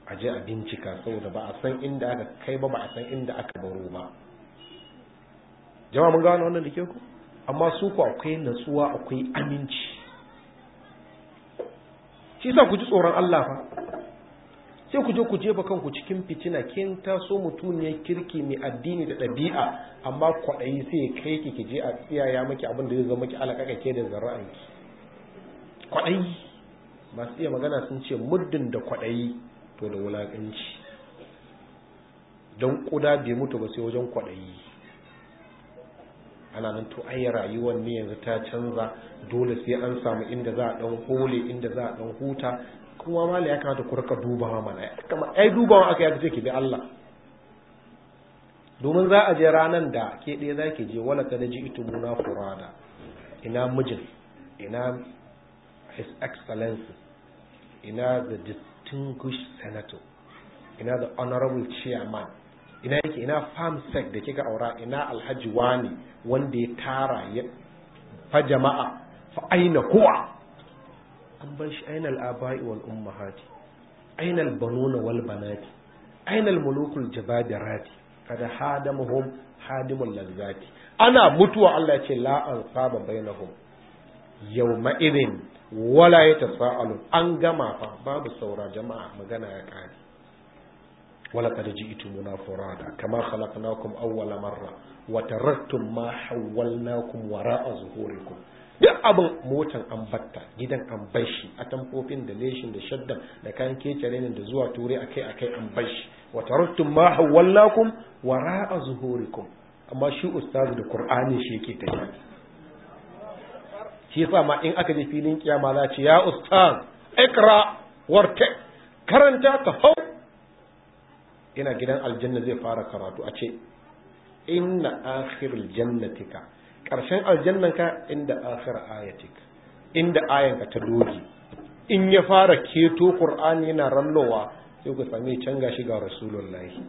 aje a bincika saboda ba a san inda aka kai ba ba a san inda aka baro ba jama'a mun gane wannan da ke ku amma su ku akwai natsuwa akwai aminci shi sa ku ji tsoron Allah fa sai ku je ku jefa kanku cikin fitina kin taso mutuniyar kirki mai addini da ɗabi'a amma kwaɗayi sai kai ki ki je a tsiyaya maki abin da zai zama ki alaƙaƙa ke da zara'anki kwaɗayi masu iya magana sun ce muddin da kwaɗayi to da wulaƙanci don ƙuda bai mutu ba sai wajen kwaɗayi ana nan to ai rayuwar ne yanzu ta canza dole sai an samu inda za a dan hole inda za a dan huta kuma mala ya kamata ku rika dubawa mana kama ai dubawa aka yaka ce ki bi Allah domin za a je ranan da ke ɗaya za ki je wala kada ji ito muna furada ina mijin ina his excellency ina the distinguished senator ina the honorable chairman ina yake ina farm sec da kika aura ina alhaji wani wanda ya tara ya fa jama'a fa aina kuwa? an bar shi aina al wal ummahati aina al-banuna wal banati aina al-mulukul jabadirati kada hadamuhum hadimul lazati ana mutuwa Allah ce la alqaba bainahum yawma idin wala yatasaalu an gama fa babu saura jama'a magana ya kare ولقد جئتمونا فرادا كما خلقناكم أول مرة وتركتم ما حولناكم وراء ظهوركم duk abin motan an batta gidan an bar shi a tamfofin da leshin da shaddan da kayan kecere ne da zuwa turai a kai an bar shi wa tarattum ma hawwallakum wara'a zuhurikum amma shi ustazu da qur'ani shi yake tafi shi yasa ma in aka je filin kiyama za ce ya ustaz ikra warta karanta ka hau ina gidan aljanna zai fara karatu a ce inna akhirul jannatika karshen ka inda akhir ayatik inda ayanka ta doge in ya fara keto qur'ani yana rallowa sai ku sami canga shi ga rasulullahi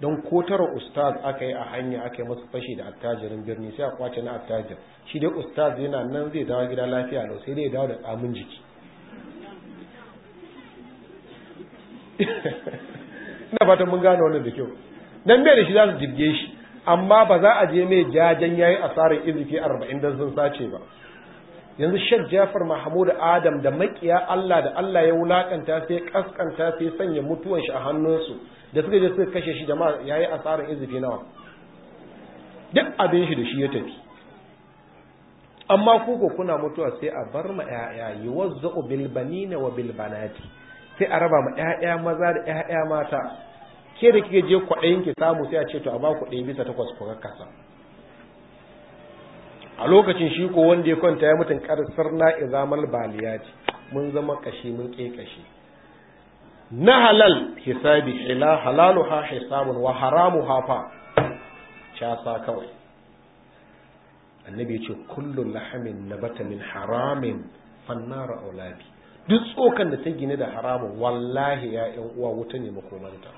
don kotar ustaz aka yi a hanya aka musu fashe fashi da attajirin birni sai a kwace na attajir shi dai ustaz yana nan zai dawo gida lafiya lau sai dai dawo da tsamin jiki <laughs> ina fatan mun gane wannan da kyau dan bai da shi za su jibge shi amma ba za a je mai jajen yayi asarar izifi arba'in dan sun sace ba yanzu Sheikh Jafar Mahmud Adam da makiya Allah da Allah ya wulakanta sai kaskanta sai sanya mutuwan shi a hannunsu da suka je suka kashe shi jama'a yayi asarar izifi nawa duk abin shi da shi ya tafi amma ko kuna mutuwa sai a bar ma yaya yuwazzu bil banina wa bil banati sai a raba ma ƴaƴa maza da ƴaƴa mata ke da kike je kwaɗayin ki samu sai a ce to a ba ɗaya bisa takwas ku kasa a lokacin shi ko wanda ya kwanta ya mutun karsar na izamal ce mun zama kashi mun kekashi na halal hisabi ila halaluha hisabun wa haramuha fa casa kawai annabi ya ce kullun lahamin na batamin haramin fannara aulabi duk tsokan da ta gine da haramun wallahi ya yan uwa wuta ne makomanta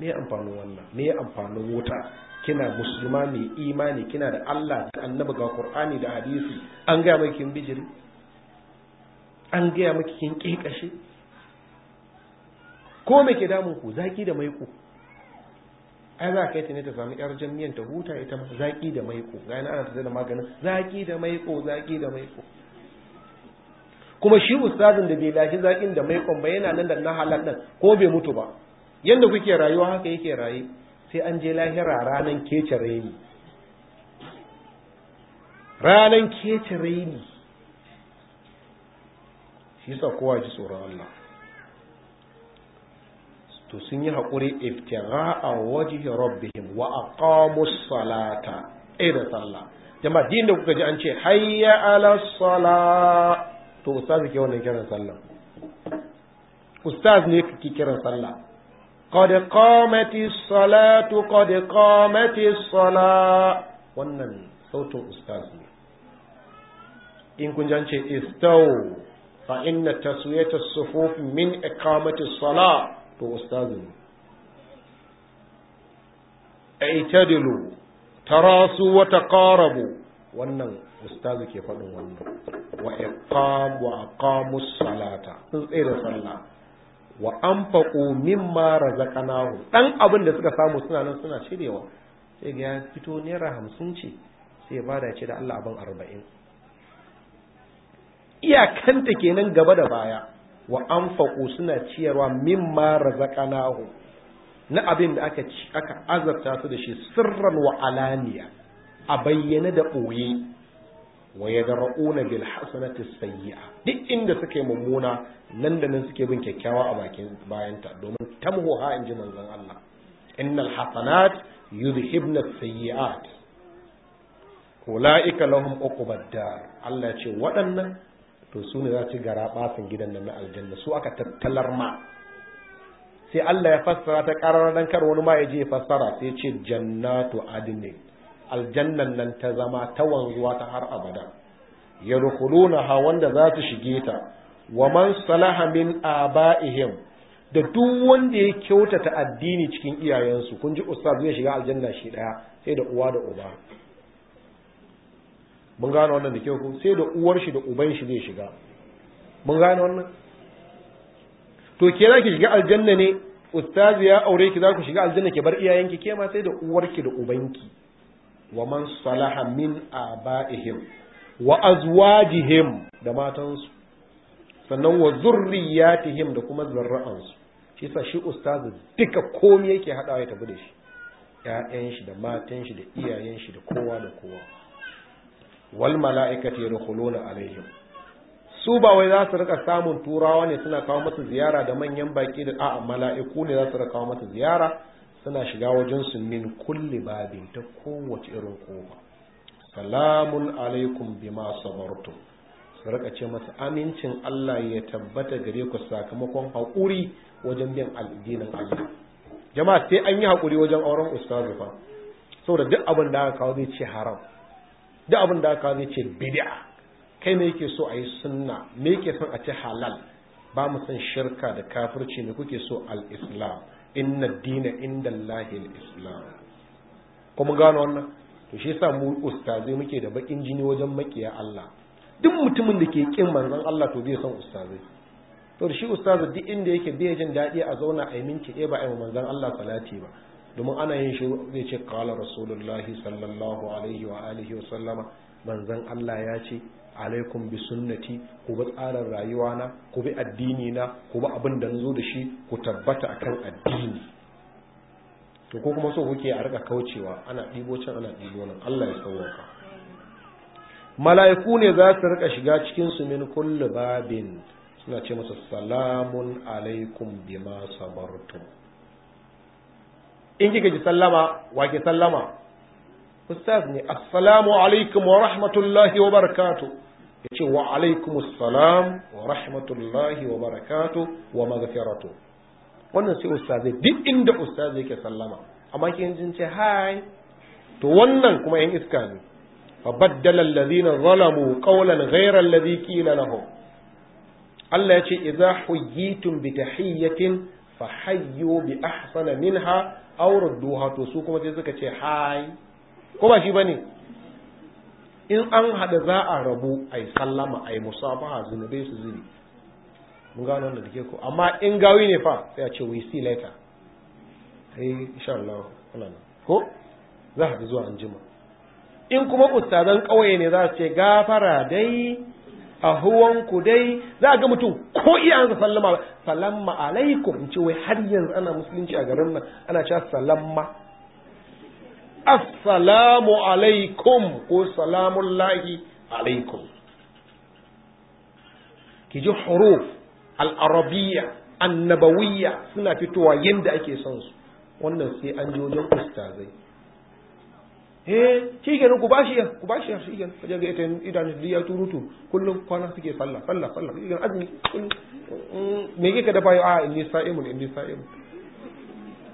me amfanin wannan me amfanin wuta kina musulma mai imani kina da Allah da annabi ga Qur'ani da hadisi an ga maki kin bijiri an ga maki kin kekashe ko me ke damun ku zaki da maiko ai za kai ta ne ta samu yar jami'an ta huta ita zaki da maiko ga ana ta da maganin zaki da maiko zaki da maiko kuma shi ustazin da bai lashi zakin da mai kwamba yana nan da na halar nan ko bai mutu ba yadda kuke rayuwa haka yake raye sai an je lahira ranan kece raini ranan kece raini shi sa kowa ji tsoron Allah to sun yi haƙuri a wajihin rabbihim wa aqamus salata da sallah jama'a din da kuka ji an ce hayya ala salat to ustaz ke wannan kiran sallah ustaz ne kake kiran sallah qad qamatis salatu qad qamatis sala. wannan sautin ustaz ne in kun jance istau fa inna taswiyata sufuf min iqamatis sala. to ustaz ne aitadilu tarasu wa taqarabu wannan ustazu ke faɗin wannan wa iqam wa aqamus salata sun tsere sallah wa anfaqu mimma razaqnahu dan abin da suka samu suna nan suna cirewa sai ga ya fito naira hamsin ce sai bada da ce da Allah abin arba'in iyakanta kenan gaba da baya wa anfaqu suna ciyarwa mimma razaqnahu na abin da aka aka azabta su da shi sirran wa alaniya a bayyane da ɓoye wa bil hasanati sayyi'a duk inda suke mummuna nan da nan suke bin kyakkyawa a bakin bayanta domin ha inji manzon Allah innal hasanat yudhibna sayyi'at ulaika lahum uqbad dar Allah ya ce waɗannan to su ne za su gara basin gidan nan na aljanna su aka tattalar ma sai Allah ya fassara ta ƙarar dan kar wani ma ya je fassara sai ce jannatu adnin aljannan nan ta zama ta wanzuwa ta har abada ha wanda za su shige ta wa man salaha min aba'ihim da duk wanda ya kyautata addini cikin iyayensu kun ji ustaz zai shiga aljanna shi daya sai da uwa da uba mun gane wannan da kyau sai da uwar shi da uban shi zai shiga mun gane wannan to ke za ki shiga aljanna ne ustaz ya aure ki za ku shiga aljanna ki bar iyayenki ke ma sai da uwarki da ubanki wa man salaha min aba'ihim wa azwajihim da matansu sannan wa zurriyatihim da kuma zarra'ansu shi sa shi ustazu duka komai yake hadawa ya tafi da shi ƴaƴan shi da matan shi da iyayen shi da kowa da kowa wal mala'ikati yadkhuluna alaihim su ba wai za su rika samun turawa ne suna kawo masa ziyara da manyan baki da a'a mala'iku ne za su rika kawo masa ziyara suna shiga wajensu min kulli babin ta kowace irin kofa salamun alaikum ma sabartum su rika ce masa amincin Allah ya tabbata gare ku sakamakon haƙuri wajen bin addinin Allah jama'a sai an yi haƙuri wajen auren ustazu fa saboda duk abin da aka kawo zai ce haram duk abin da aka kawo zai ce bid'a kai ne yake so a yi sunna me yake son a ce halal ba mu san shirka da kafirci ne kuke so al-islam inna dina inda Allahil Islam kuma gano wannan to shi yasa mu ustazai muke da bakin jini wajen makiya Allah duk mutumin da ke kin manzon Allah to bai san ustazai to shi ustazi duk inda yake bai jin dadi a zauna a yi minki ɗaya ba a manzon Allah salati ba domin ana yin shi zai ce qala rasulullahi sallallahu alaihi wa alihi wa sallama manzon Allah ya ce alaikum bi sunnati ku bi tsarin rayuwa na ku bi addini na ku bi abin da nazo da shi ku tabbata akan addini to ko kuma so kuke a rika kaucewa ana ɗibo can ana ɗibo nan Allah ya sauwaka mala'iku ne za su rika shiga cikin su min kullu babin suna ce masa salamun alaikum bima sabartum in kika ji sallama wa ke sallama ustaz ne assalamu alaikum wa rahmatullahi wa barakatuh ya ce wa alaikumussalam wa rahmatullahi wa barakatu wa magfiratu wannan sai ustazai duk inda ustazai yake sallama amma kin jin ce hi to wannan kuma yan iska ne fa baddala alladhina zalamu qawlan ghayra alladhi qila lahum Allah ya ce idza huyitum bi tahiyyatin fa hayyu bi ahsana minha aw rudduha to su kuma sai suka ce hi ko ba shi bane in an haɗa za a rabu a yi sallama a yi musafaha zunubai su zubi mun gano wanda da ke ko amma in gawi ne fa sai a ce we see later hey insha Allah Allah ko za a zuwa an jima in kuma ustazan ƙauye ne za su ce gafara dai a ku dai za a ga mutum ko iya an sallama sallama alaikum in ce wai har yanzu ana musulunci a garin nan ana cewa salamma assalamu alaikum ko salamun lahi alaikum ki ji huruf al'arabiya annabawiya suna fitowa yadda ake son su wannan sai an ji wajen ustazai eh shi gani ku bashi ya ku shi ya shi gani kaje ga ita idan ya turutu kullum kwana suke sallah sallah sallah shi gani azumi mm, me yake ka dafa a ah, inni sa'imun inni sa'imun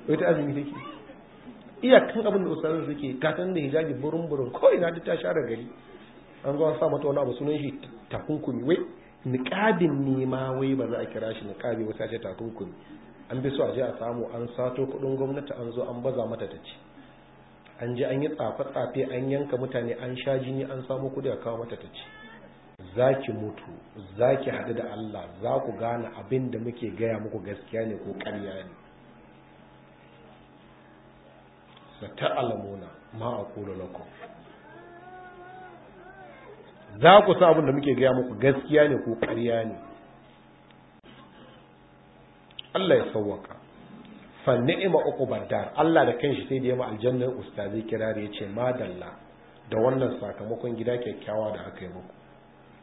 wata azumi take iyakan abin da ustazan suke gatan da hijabi burin burin ko ina duk ta share gari an zo an sa mata wani abu sunan shi takunkumi wai niƙabin ne ma wai ba za a kira shi niƙabi ba sai ce takunkumi an bi so a je a samu an sato kuɗin gwamnati an zo an baza mata ta ci an je an yi tsafe-tsafe an yanka mutane an sha jini an samu kuɗi a kawo mata ta ci za ki mutu za ki haɗu da Allah za ku gane abin da muke gaya muku gaskiya ne ko ƙarya ne sata'lamuna ma aqulu lakum za ku sa abin da muke gaya muku gaskiya ne ko ƙarya ne Allah ya sauwaka fa ni'ima uqubad dar Allah da kanshi sai da yamma aljannar ustazi kirari yace madalla da wannan sakamakon gida kyakkyawa da aka yi muku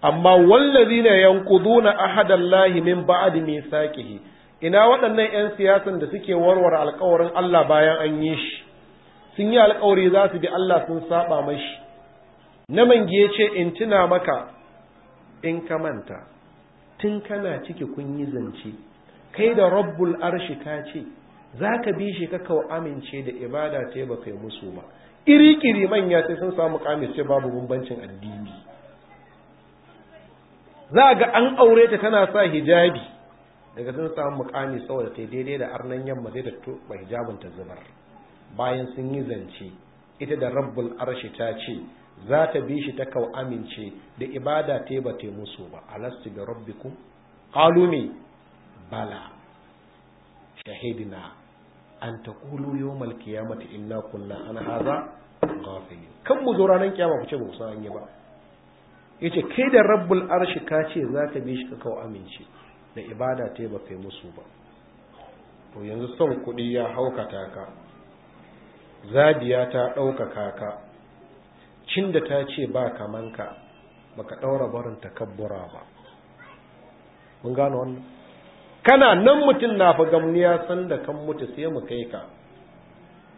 amma wallazina yanquduna ahadallahi min ba'di misaqihi ina waɗannan 'yan siyasan da suke warware alƙawarin Allah bayan an yi shi sun yi alkawari za su bi Allah sun saba mashi na mangi ya ce in tuna maka in ka manta tun kana ciki kun yi zance kai da rabbul arshi ka ce za ka bi shi kakau amince da ibada ta ba kai musu ba iri-iri manya sai sun samu kamis ce babu bambancin addini za ga an aure ta tana sa hijabi daga sun samu mukami saboda ta daidai da arnan yamma zai da tuba hijabin ta zubar bayan sun yi zance ita da rabbul arshi ta ce za ta bi shi ta kau amince da ibada ta ba ta musu ba alastu bi rabbikum qalu mi bala shahidina an taqulu yawmal qiyamati inna kunna an hadha ghafilin kan mu zo ranar kiyama ku ce ba ku san an yi ba yace kai da rabbul arshi ka ce za ka bi shi ka kawo amince da ibada ta ba kai musu ba to yanzu son kuɗi ya haukata ka zabiya ta ɗaukaka kaka, cin da ta ce ba kamanka baka ɗaura barin takabbura ba mun gano wannan kana nan mutum na fa gamniya san da kan mutu sai mu kai ka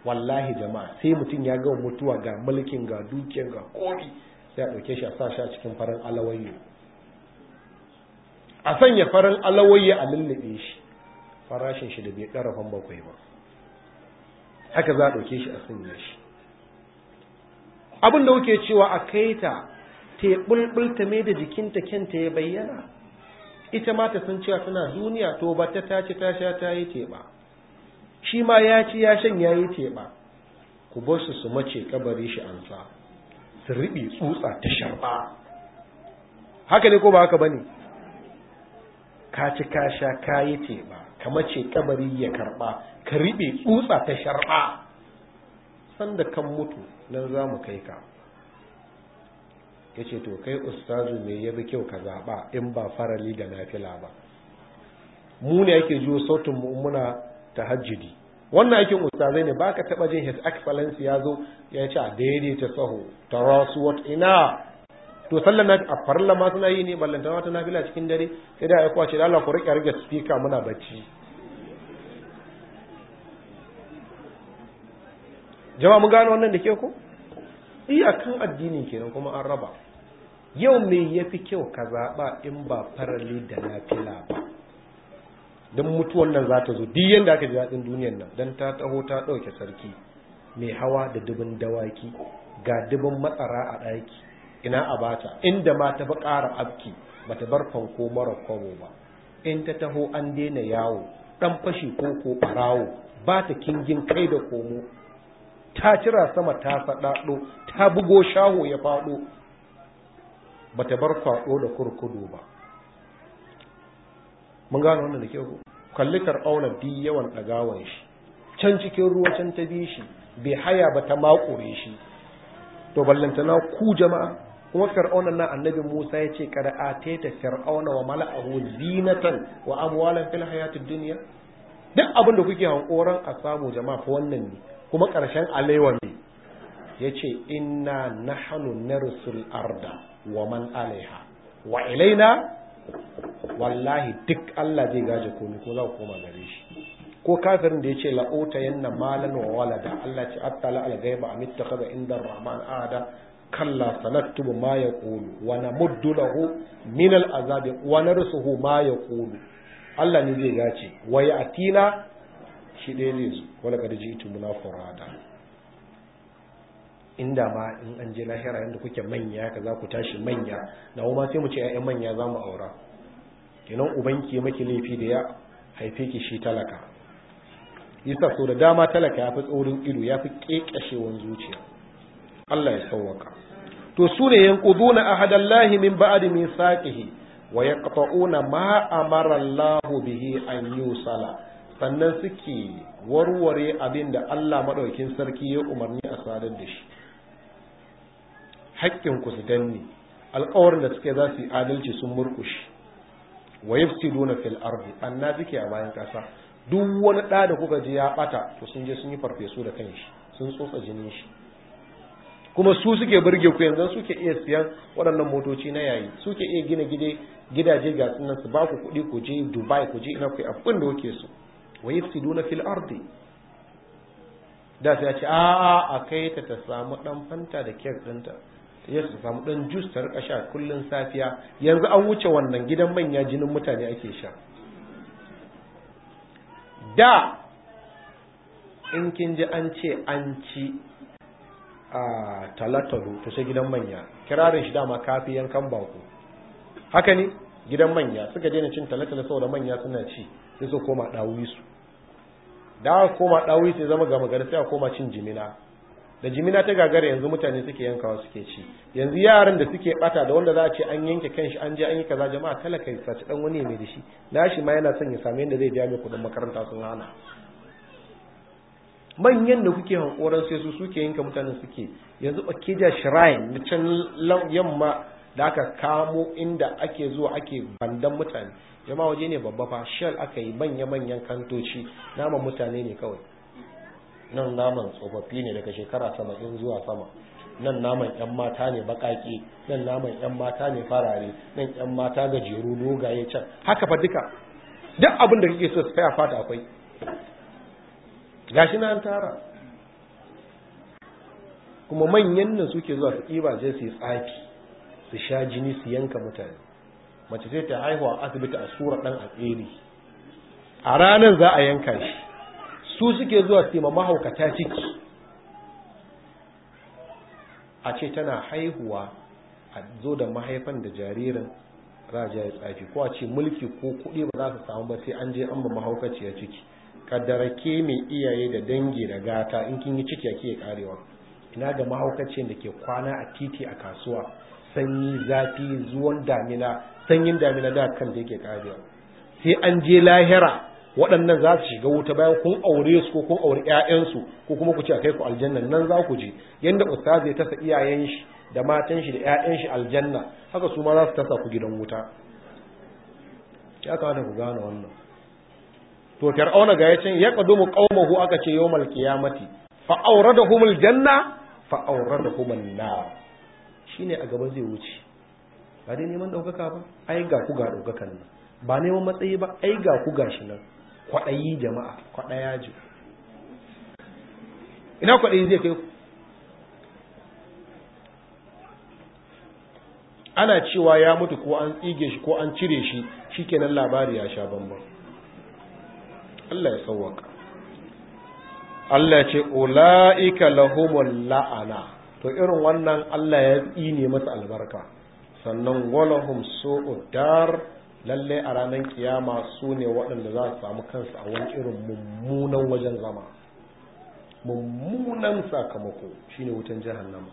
wallahi jama'a sai mutum ya ga mutuwa ga mulkin ga dukiyar ga kofi sai a ɗauke shi a sa shi a cikin farin alawayyo a sanya farin alawayyo a lullube shi farashin shi da bai ƙarafan bakwai ba haka za a ɗauke shi a sanya shi abin da kuke cewa a kai ta ta bulbulta mai da jikinta kyanta ya bayyana ita ma ta san cewa suna duniya to ba ta tace ta sha ta yi teɓa shi ma ya ci ya shan ya yi teɓa ku bar su su mace kabari shi an sa su riɓi tsutsa ta sharɓa haka ne ko ba haka ba ne ka ci ka sha ka yi teɓa ka ce kabari ya karba ka riɓe tsutsa ta shar'a sanda kan mutu nan za mu kai ka ya ce to kai ustazu ne ya kyau ka zaɓa in ba farali da nafila ba mu ne yake jiwo sautin mu muna tahajjudi wannan aikin ustazai ne baka taɓa jin his excellence ya zo ya ce a daidaita saho tarasuwat ina to sallan na a farilla ma suna yi ne ballanta ma tana fila cikin dare sai da aikowa ce da ku rike rike speaker muna bacci jama'a mun gano wannan da ke ku? iyakan addinin kenan kuma an raba yau me fi kyau ka zaɓa in ba farali da na fila ba don mutuwan nan za ta zo duk yadda aka ji daɗin duniyan nan don ta taho ta ɗauke sarki mai hawa da dubin dawaki ga dubin matsara a ɗaki ina a bata inda ma ta fi ƙara afki ba ta bar fanko mara kwabo ba in ta taho an daina yawo ɗan fashi ko ko ɓarawo ba ta kingin kai da komo ta cira sama ta saɗaɗo ta bugo shaho ya faɗo ba ta bar kwaɗo da kurkudu ba mun gano wannan da ke ku kalli karɓauna bi yawan ɗagawan shi can cikin ruwa can ta bi shi bai haya ba ta makure shi to ballantana ku jama'a kuma fir'auna nan annabi Musa ya ce kada a ateta fir'auna wa mala'ahu zinatan wa amwalan fil hayatid dunya duk abin da kuke hankoran a samu jama'a fa wannan ne kuma karshen alaiwa ne yace inna nahnu narsul arda wa man alaiha wa ilaina wallahi duk Allah zai gaje komai ko za ku koma gare shi ko kafirin da yace la'uta yanna malan wa walada Allah ci attala al-ghaiba amittakhadha inda ar-rahman ahada kalla sanaktubu ma yaqulu wa namuddu lahu min al'azabi wa narsuhu ma yaqulu Allah ne zai gace wa ya'tina shi ɗaya zai zo wala kad ji'tu munafurada inda ma in an je lahira yanda kuke manya ka za ku tashi manya na ma sai mu ce ƴaƴan manya za mu aura kenan ubanki maki laifi da ya haife ki shi talaka yasa so da dama talaka ya fi tsaurin ido ya fi ƙeƙashewan zuciya Allah ya sauwaka to su ne yanquduna ahadallahi min ba'di mithaqihi wa yaqta'una ma amara Allahu bihi an yusala sannan suke warware abin da Allah maɗaukin sarki ya umarni a sadar da shi haƙƙin ku su danne alƙawarin da suke za su yi adalci sun murkushi wa yafsiduna fil ardi anna suke a bayan ƙasa duk wani ɗa da kuka ji ya ɓata to sun je sun yi farfesu da kanshi sun tsotsa jinin shi kuma su suke burge ku yanzu suke iya siyan waɗannan motoci na yayi suke iya gina gide gidaje ga sunan su ba ku kuɗi ku je Dubai ku je ina ku abin da kuke so wa yafsiduna fil ardi da sai ce a a a kai ta ta samu dan fanta da kek dinta ya su samu dan juice ta rika sha kullun safiya yanzu an wuce wannan gidan manya jinin mutane ake sha da in kin ji an ce an ci a talatalu ta sai gidan manya kirarin shi dama kafi yankan bako haka ne gidan manya suka daina cin talatalo saboda manya suna ci sai su koma dawi su da koma dawi sai zama gama gari sai a koma cin jimina da jimina ta gagara yanzu mutane suke yankawa suke ci yanzu yaran da suke bata da wanda za a ce an yanke kanshi an je an yi kaza jama'a talaka ya sace dan wani mai da shi nashi ma yana son ya same yadda zai biya mai kudin makaranta sun hana manyan da kuke hankoran sai su suke yinka mutanen suke yanzu Okija Shrine na can yamma da aka kamo inda ake zuwa ake bandan mutane jama'a waje ne babba fa shell aka yi manya-manyan kantoci naman mutane ne kawai nan naman tsofaffi ne daga shekara sama, in zuwa sama nan naman yan mata ne bakaki. nan naman yan mata ne farare nan yan mata gajeru dogaye can haka fa duka duk abin da kike so tsaya fata akwai gashi na an tara kuma manyan nan suke zuwa su ɗiba su yi tsaki, su sha jini su yanka mutane mace sai ta haihuwa asibiti a sura ɗan a a ranar za a yanka shi su suke zuwa su ma mahaukata ciki a ce tana haihuwa a zo da mahaifan da jaririn raja ya tsaki, ko a ce mulki ko kuɗi ba za su samu ba sai an je an ba mahaukaciya ciki kaddarake mai iyaye da dangi da gata in kin yi ciki ake karewa ina ga mahaukacin da ke kwana a titi a kasuwa sanyi zafi zuwan damina sanyin damina da kan da yake karewa sai an je lahira waɗannan za su shiga wuta bayan kun aure su ko kun aure ƴaƴansu ko kuma ku ce a kai ku aljanna nan za ku je yanda ustaz ya tasa iyayen shi da matan shi da ƴaƴan shi aljanna haka su ma za su tasa ku gidan wuta ya da ku gane wannan to fir'auna ga yacin ya qadumu qaumahu aka ce yawmal qiyamati fa awradahumul janna fa awradahumun nar shine a gaba zai wuce ba dai neman daukaka ba ai ga ku ga daukakan nan ba neman matsayi ba ai ga ku gashi nan kwadayi jama'a kwadaya ji ina kwadayi zai kai ku ana cewa ya mutu ko an tsige shi ko an cire shi shikenan labari ya sha bambam Allah ya sauwaka Allah ce ula'ika lahumul la'ana to irin wannan Allah ya yi ne masa albarka sannan walahum su'ud dar lalle a ranar kiyama su ne waɗanda za su samu kansu a wani irin mummunan wajen zama mummunan sakamako shine wutan jahannama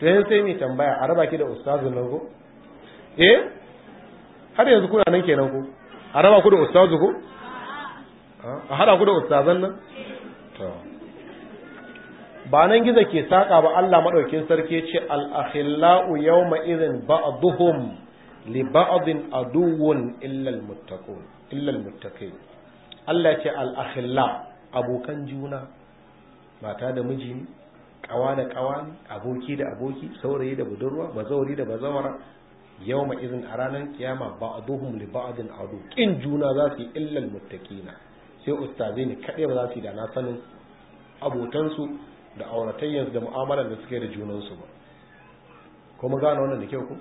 to yanzu sai mai tambaya a raba ki da ustazu nan ko eh har yanzu kuna nan kenan ko a raba ku da ustazu ko a hada ku da ustazan nan ba nan gizo ke saka ba Allah madaukin sarki ce al-akhillau yawma idhin ba'dhum li ba'dhin aduwwun illa al-muttaqun illa al-muttaqin Allah ce al-akhilla abokan juna mata da miji ne kawa da kawa ne aboki da aboki saurayi da budurwa bazauri da bazawara yawma idhin a ranar kiyama ba'dhum li ba'dhin adu kin juna za su yi illa al-muttaqina sai ustazai ne kaɗai ba za su yi da na sanin abotansu da auratayyansu da mu'amalar da suke da junansu ba kuma gano wannan da kyau ku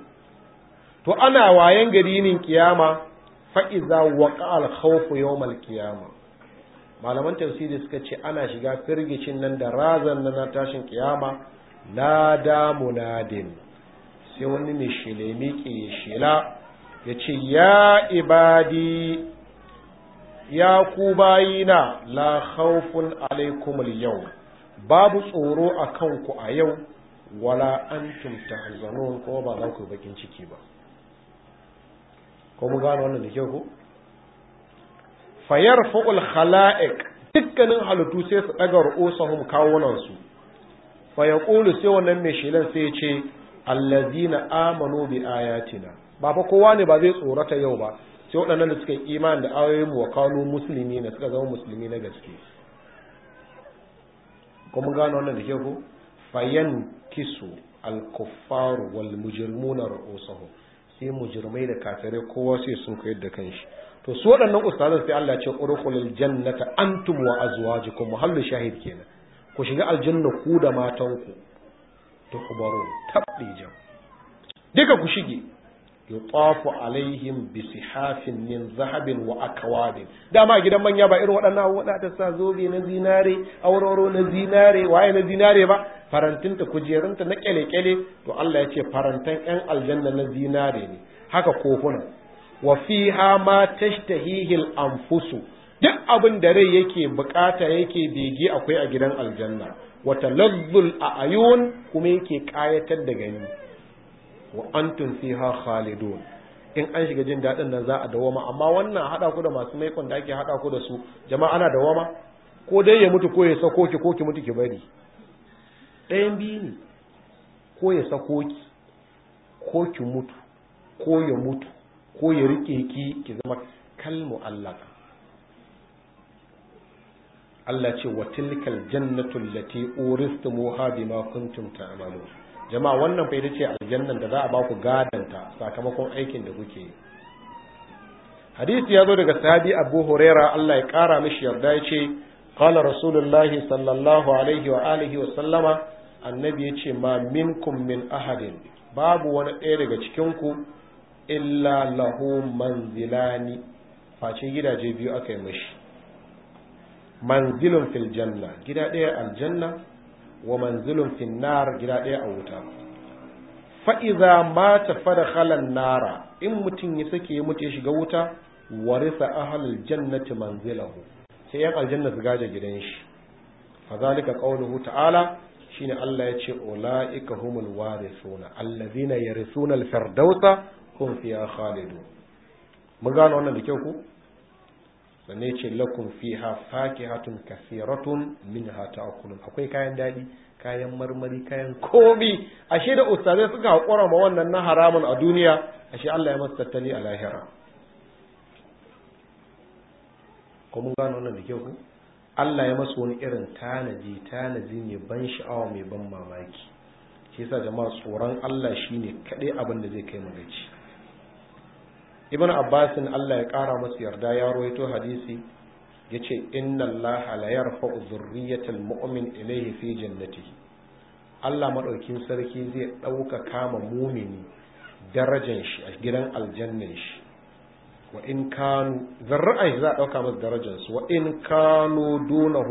to ana wayan gari yinin kiyama fa'iza khawf yawm al kiyama malaman tafsiri suka ce ana shiga firgicin nan da razan na tashin kiyama na da munadin sai wani mai shele shila ya ya ibadi ya ku bayina la khawfun yau babu tsoro a kanku a yau wala antum tahzanun ko ba za ku bakin ciki ba ko mun gano wannan da kyau ko fayarfu'ul khala'iq dukkanin halittu sai su daga ru'usahum kawunan su fa yaqulu sai wannan mai shelan sai ya ce allazina amanu bi ayatina ba fa kowa ne ba zai tsorata yau ba sai waɗannan da suka yi imani da ayoyin mu wa kanu musulmi na suka zama musulmi na gaske kuma gano wannan da ke ko fayan kisu al-kuffaru wal mujrimuna sai mujrimai da kafirai kowa sai sun koyar da kanshi to su waɗannan ustazan sai Allah ya ce urkhulul jannata antum wa azwajukum muhallu shahid kenan ku shiga aljanna ku da matanku ta kubaru tabdijan duka ku shige yutafu alaihim bi sihafin min zahabin wa akwabin dama gidan manya ba irin waɗannan abubuwa ta sa zobe na zinare auroro na zinare waye na zinare ba farantinta kujerunta na kyale-kyale to Allah ya ce farantan ƴan aljanna na zinare ne haka kofuna wa fiha ma tashtahihi al-anfusu duk abin da rai yake bukata yake bege akwai a gidan aljanna wata lafzul a ayun kuma yake kayatar da gani wa antum fiha khalidun in an shiga jin daɗin nan za a dawoma amma wannan haɗa ku da masu maikon da ake haɗa ku da su jama'a ana dawoma ko dai ya mutu ko ya sako ki ko ki mutu ki bari ɗayan biyu ne ko ya sako ki ko ki mutu ko ya mutu ko ya rike ki ki zama kalmu Allah Allah ce wa tilkal jannatul lati uristumuha bima kuntum ta'malun jama'a wannan fa ita ce aljannan da za a ba ku gadanta sakamakon aikin da kuke yi hadisi ya zo daga sahabi abu huraira allah ya kara mishi yarda ya ce qala rasulullahi sallallahu alaihi wa alihi wa sallama annabi yace ce ma minkum min ahadin babu wani ɗaya daga cikinku illa lahu manzilani face gidaje biyu aka yi mashi manzilun fil janna gida ɗaya aljanna wa manzilun finnar gida ɗaya a wuta fa'iza ta fada halan nara in mutum ya sake ya mutu ya shiga wuta warisa ahalul jannati manzilahu sai yan aljanna su gaje gidan shi fa zalika qawluhu ta'ala shine Allah ya ce ulaika humul warisuna allazina ya al-firdausa hum fiha khalidun mun gano wannan da kyau ku sannan ya ce lakun lakum fiha fakihatun kasiratun minha akulun akwai kayan daɗi kayan marmari kayan komi ashe da ustazai suka haƙura ma wannan na haramun a duniya ashe Allah ya masu tattali a lahira ko gano wannan da kyau Allah ya masu wani irin tanaji tanaji mai ban sha'awa mai ban mamaki shi yasa jama'a tsoron Allah shine kaɗai abin da zai kai mu gaci ibn abbasin allah ya kara masu yarda ya rawaito hadisi ya ce inna allah la yarfa'u zurriyatul mu'min ilaihi fi jannati allah maɗaukin sarki zai ɗauka kama mumini darajan shi a gidan aljannan shi wa in kanu zarra'a za a ɗauka masu darajan su wa in kanu duna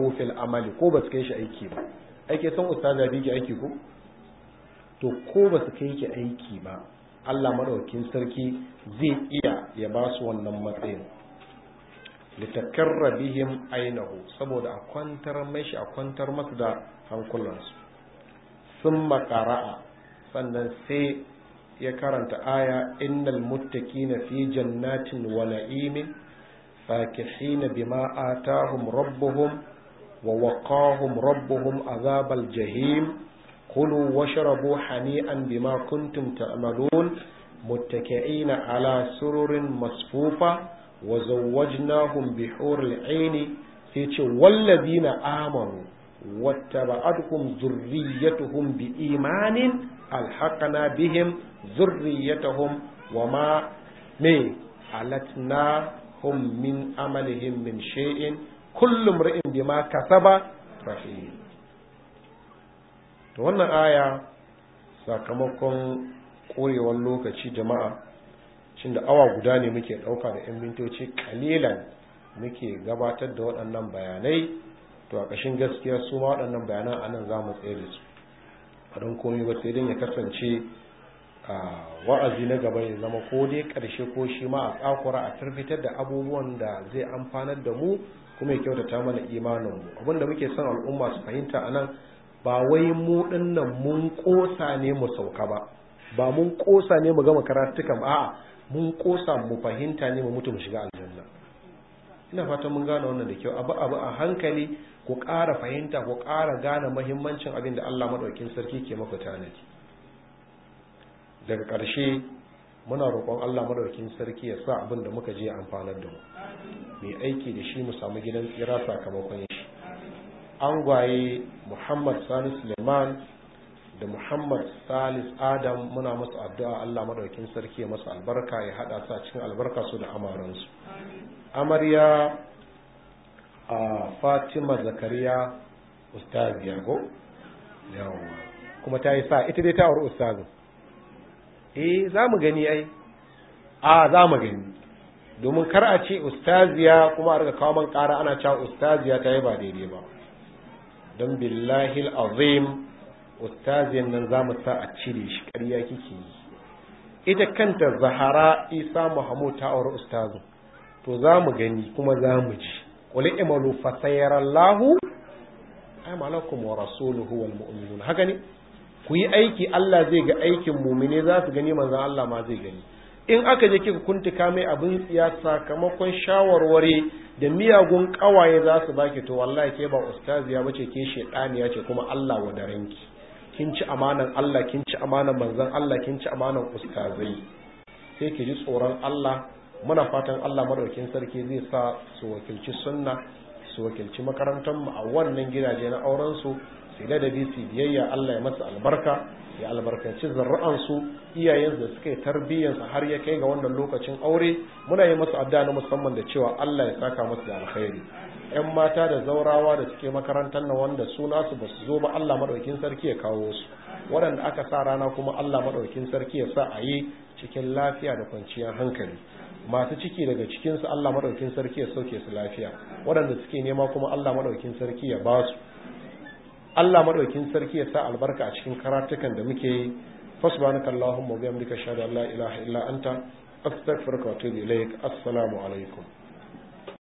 amali ko ba su kai shi aiki ba aike san ustaza biki aiki ko to ko ba su kai ki aiki ba Allah madaukin sarki zai iya ya ba su wannan matsayin litakarra bihim ainihu saboda a kwantar mashi a kwantar masu da hankulansu sun makara'a sannan sai ya karanta aya innal muttaqina fi jannatin wa na'imin fakihina bima atahum rabbuhum wa waqahum rabbuhum azabal jahim kulu washrabu hani'an bima kuntum ta'malun muttaki'ina ala sururin masfufa wa zawwajnahum bihuril 'aini sai ce wallazina amanu wattaba'atuhum zurriyyatuhum biimanin alhaqna bihim zurriyyatuhum wama me alatnahum min amalihim min shay'in kullu imrin bima kasaba rahim to wannan aya sakamakon korewar lokaci jama'a cin da awa guda ne muke ɗauka da 'yan mintoci kalilan muke gabatar da waɗannan bayanai to a ƙashin gaskiya su ma waɗannan bayanan a nan za mu tsaye da su a don komai ba sai don ya kasance a wa'azi na gaba ya zama ko dai ƙarshe ko shi ma a tsakura a tarbitar da abubuwan da zai amfanar da mu kuma ya kyautata mana imanin mu da muke son al'umma su fahimta a nan ba wai mu dinnan mun kosa ne mu sauka ba ba mun kosa ne mu gama karatukan ba. mun kosa mu fahimta ne mu mutu mu shiga aljanna ina fatan mun gane wannan da kyau abu abu a hankali ku ƙara fahimta ku ƙara gane muhimmancin abin da Allah madaukakin sarki ke maka tanadi daga ƙarshe muna roƙon Allah madaukakin sarki ya sa abin da muka je amfanar da mu mai aiki da shi mu samu gidan tsira sakamakon angwaye muhammad sani suleiman da muhammad salis adam muna masu addu'a allah madaukin sarki ya masu albarka ya hada sa cikin albarka su da amaransu amarya a fatima zakariya ustaziya go kuma ta yi sa ita dai ta auri ustazin eh za mu gani ai a za mu gani domin kar a ce ustaziya kuma a riga kawo man ƙara ana cewa ustaziya ta yi ba daidai ba don billahi azim ustazin nan za mu sa a cire shi ƙarya kike yi ita kanta zahara isa muhammad ta aure ustazu to za mu gani kuma za mu ji qul imalu fa sayarallahu amalakum wa rasuluhu wal mu'minun haka ne ku yi aiki Allah zai ga aikin mumine za su gani manzon Allah ma zai gani in aka je kika kuntuka mai abin tsiya sakamakon shawarware da miyagun kawaye za su baki to wallahi ke ba ustaziya bace ke ya ce kuma Allah wadaranki kin ci amanan Allah kin ci amanan manzon Allah kin ci amanan ustazai sai ki ji tsoron Allah muna fatan Allah madaukin sarki zai sa su wakilci sunna su wakilci makarantar mu a wannan gidaje na auren su su da su biyayya Allah ya masa albarka ya albarkaci zarra'ansu iyayen da suka yi tarbiyyarsa har ya kai ga wannan lokacin aure muna yi masu addu'a na musamman da cewa Allah ya saka masu da alkhairi yan mata da zaurawa da suke makarantar na wanda su nasu ba su zo ba Allah maɗaukin sarki ya kawo su waɗanda aka sa rana kuma Allah maɗaukin sarki ya sa a yi cikin lafiya da kwanciyar hankali masu ciki daga cikinsu Allah maɗaukin sarki ya sauke su lafiya waɗanda suke nema kuma Allah maɗaukin sarki ya ba su Allah madaukin sarki ya sa albarka a cikin karatukan da muke yi fasbanaka Allahumma wa bihamdika shada la ilaha illa anta astaghfiruka wa atubu ilaik assalamu alaikum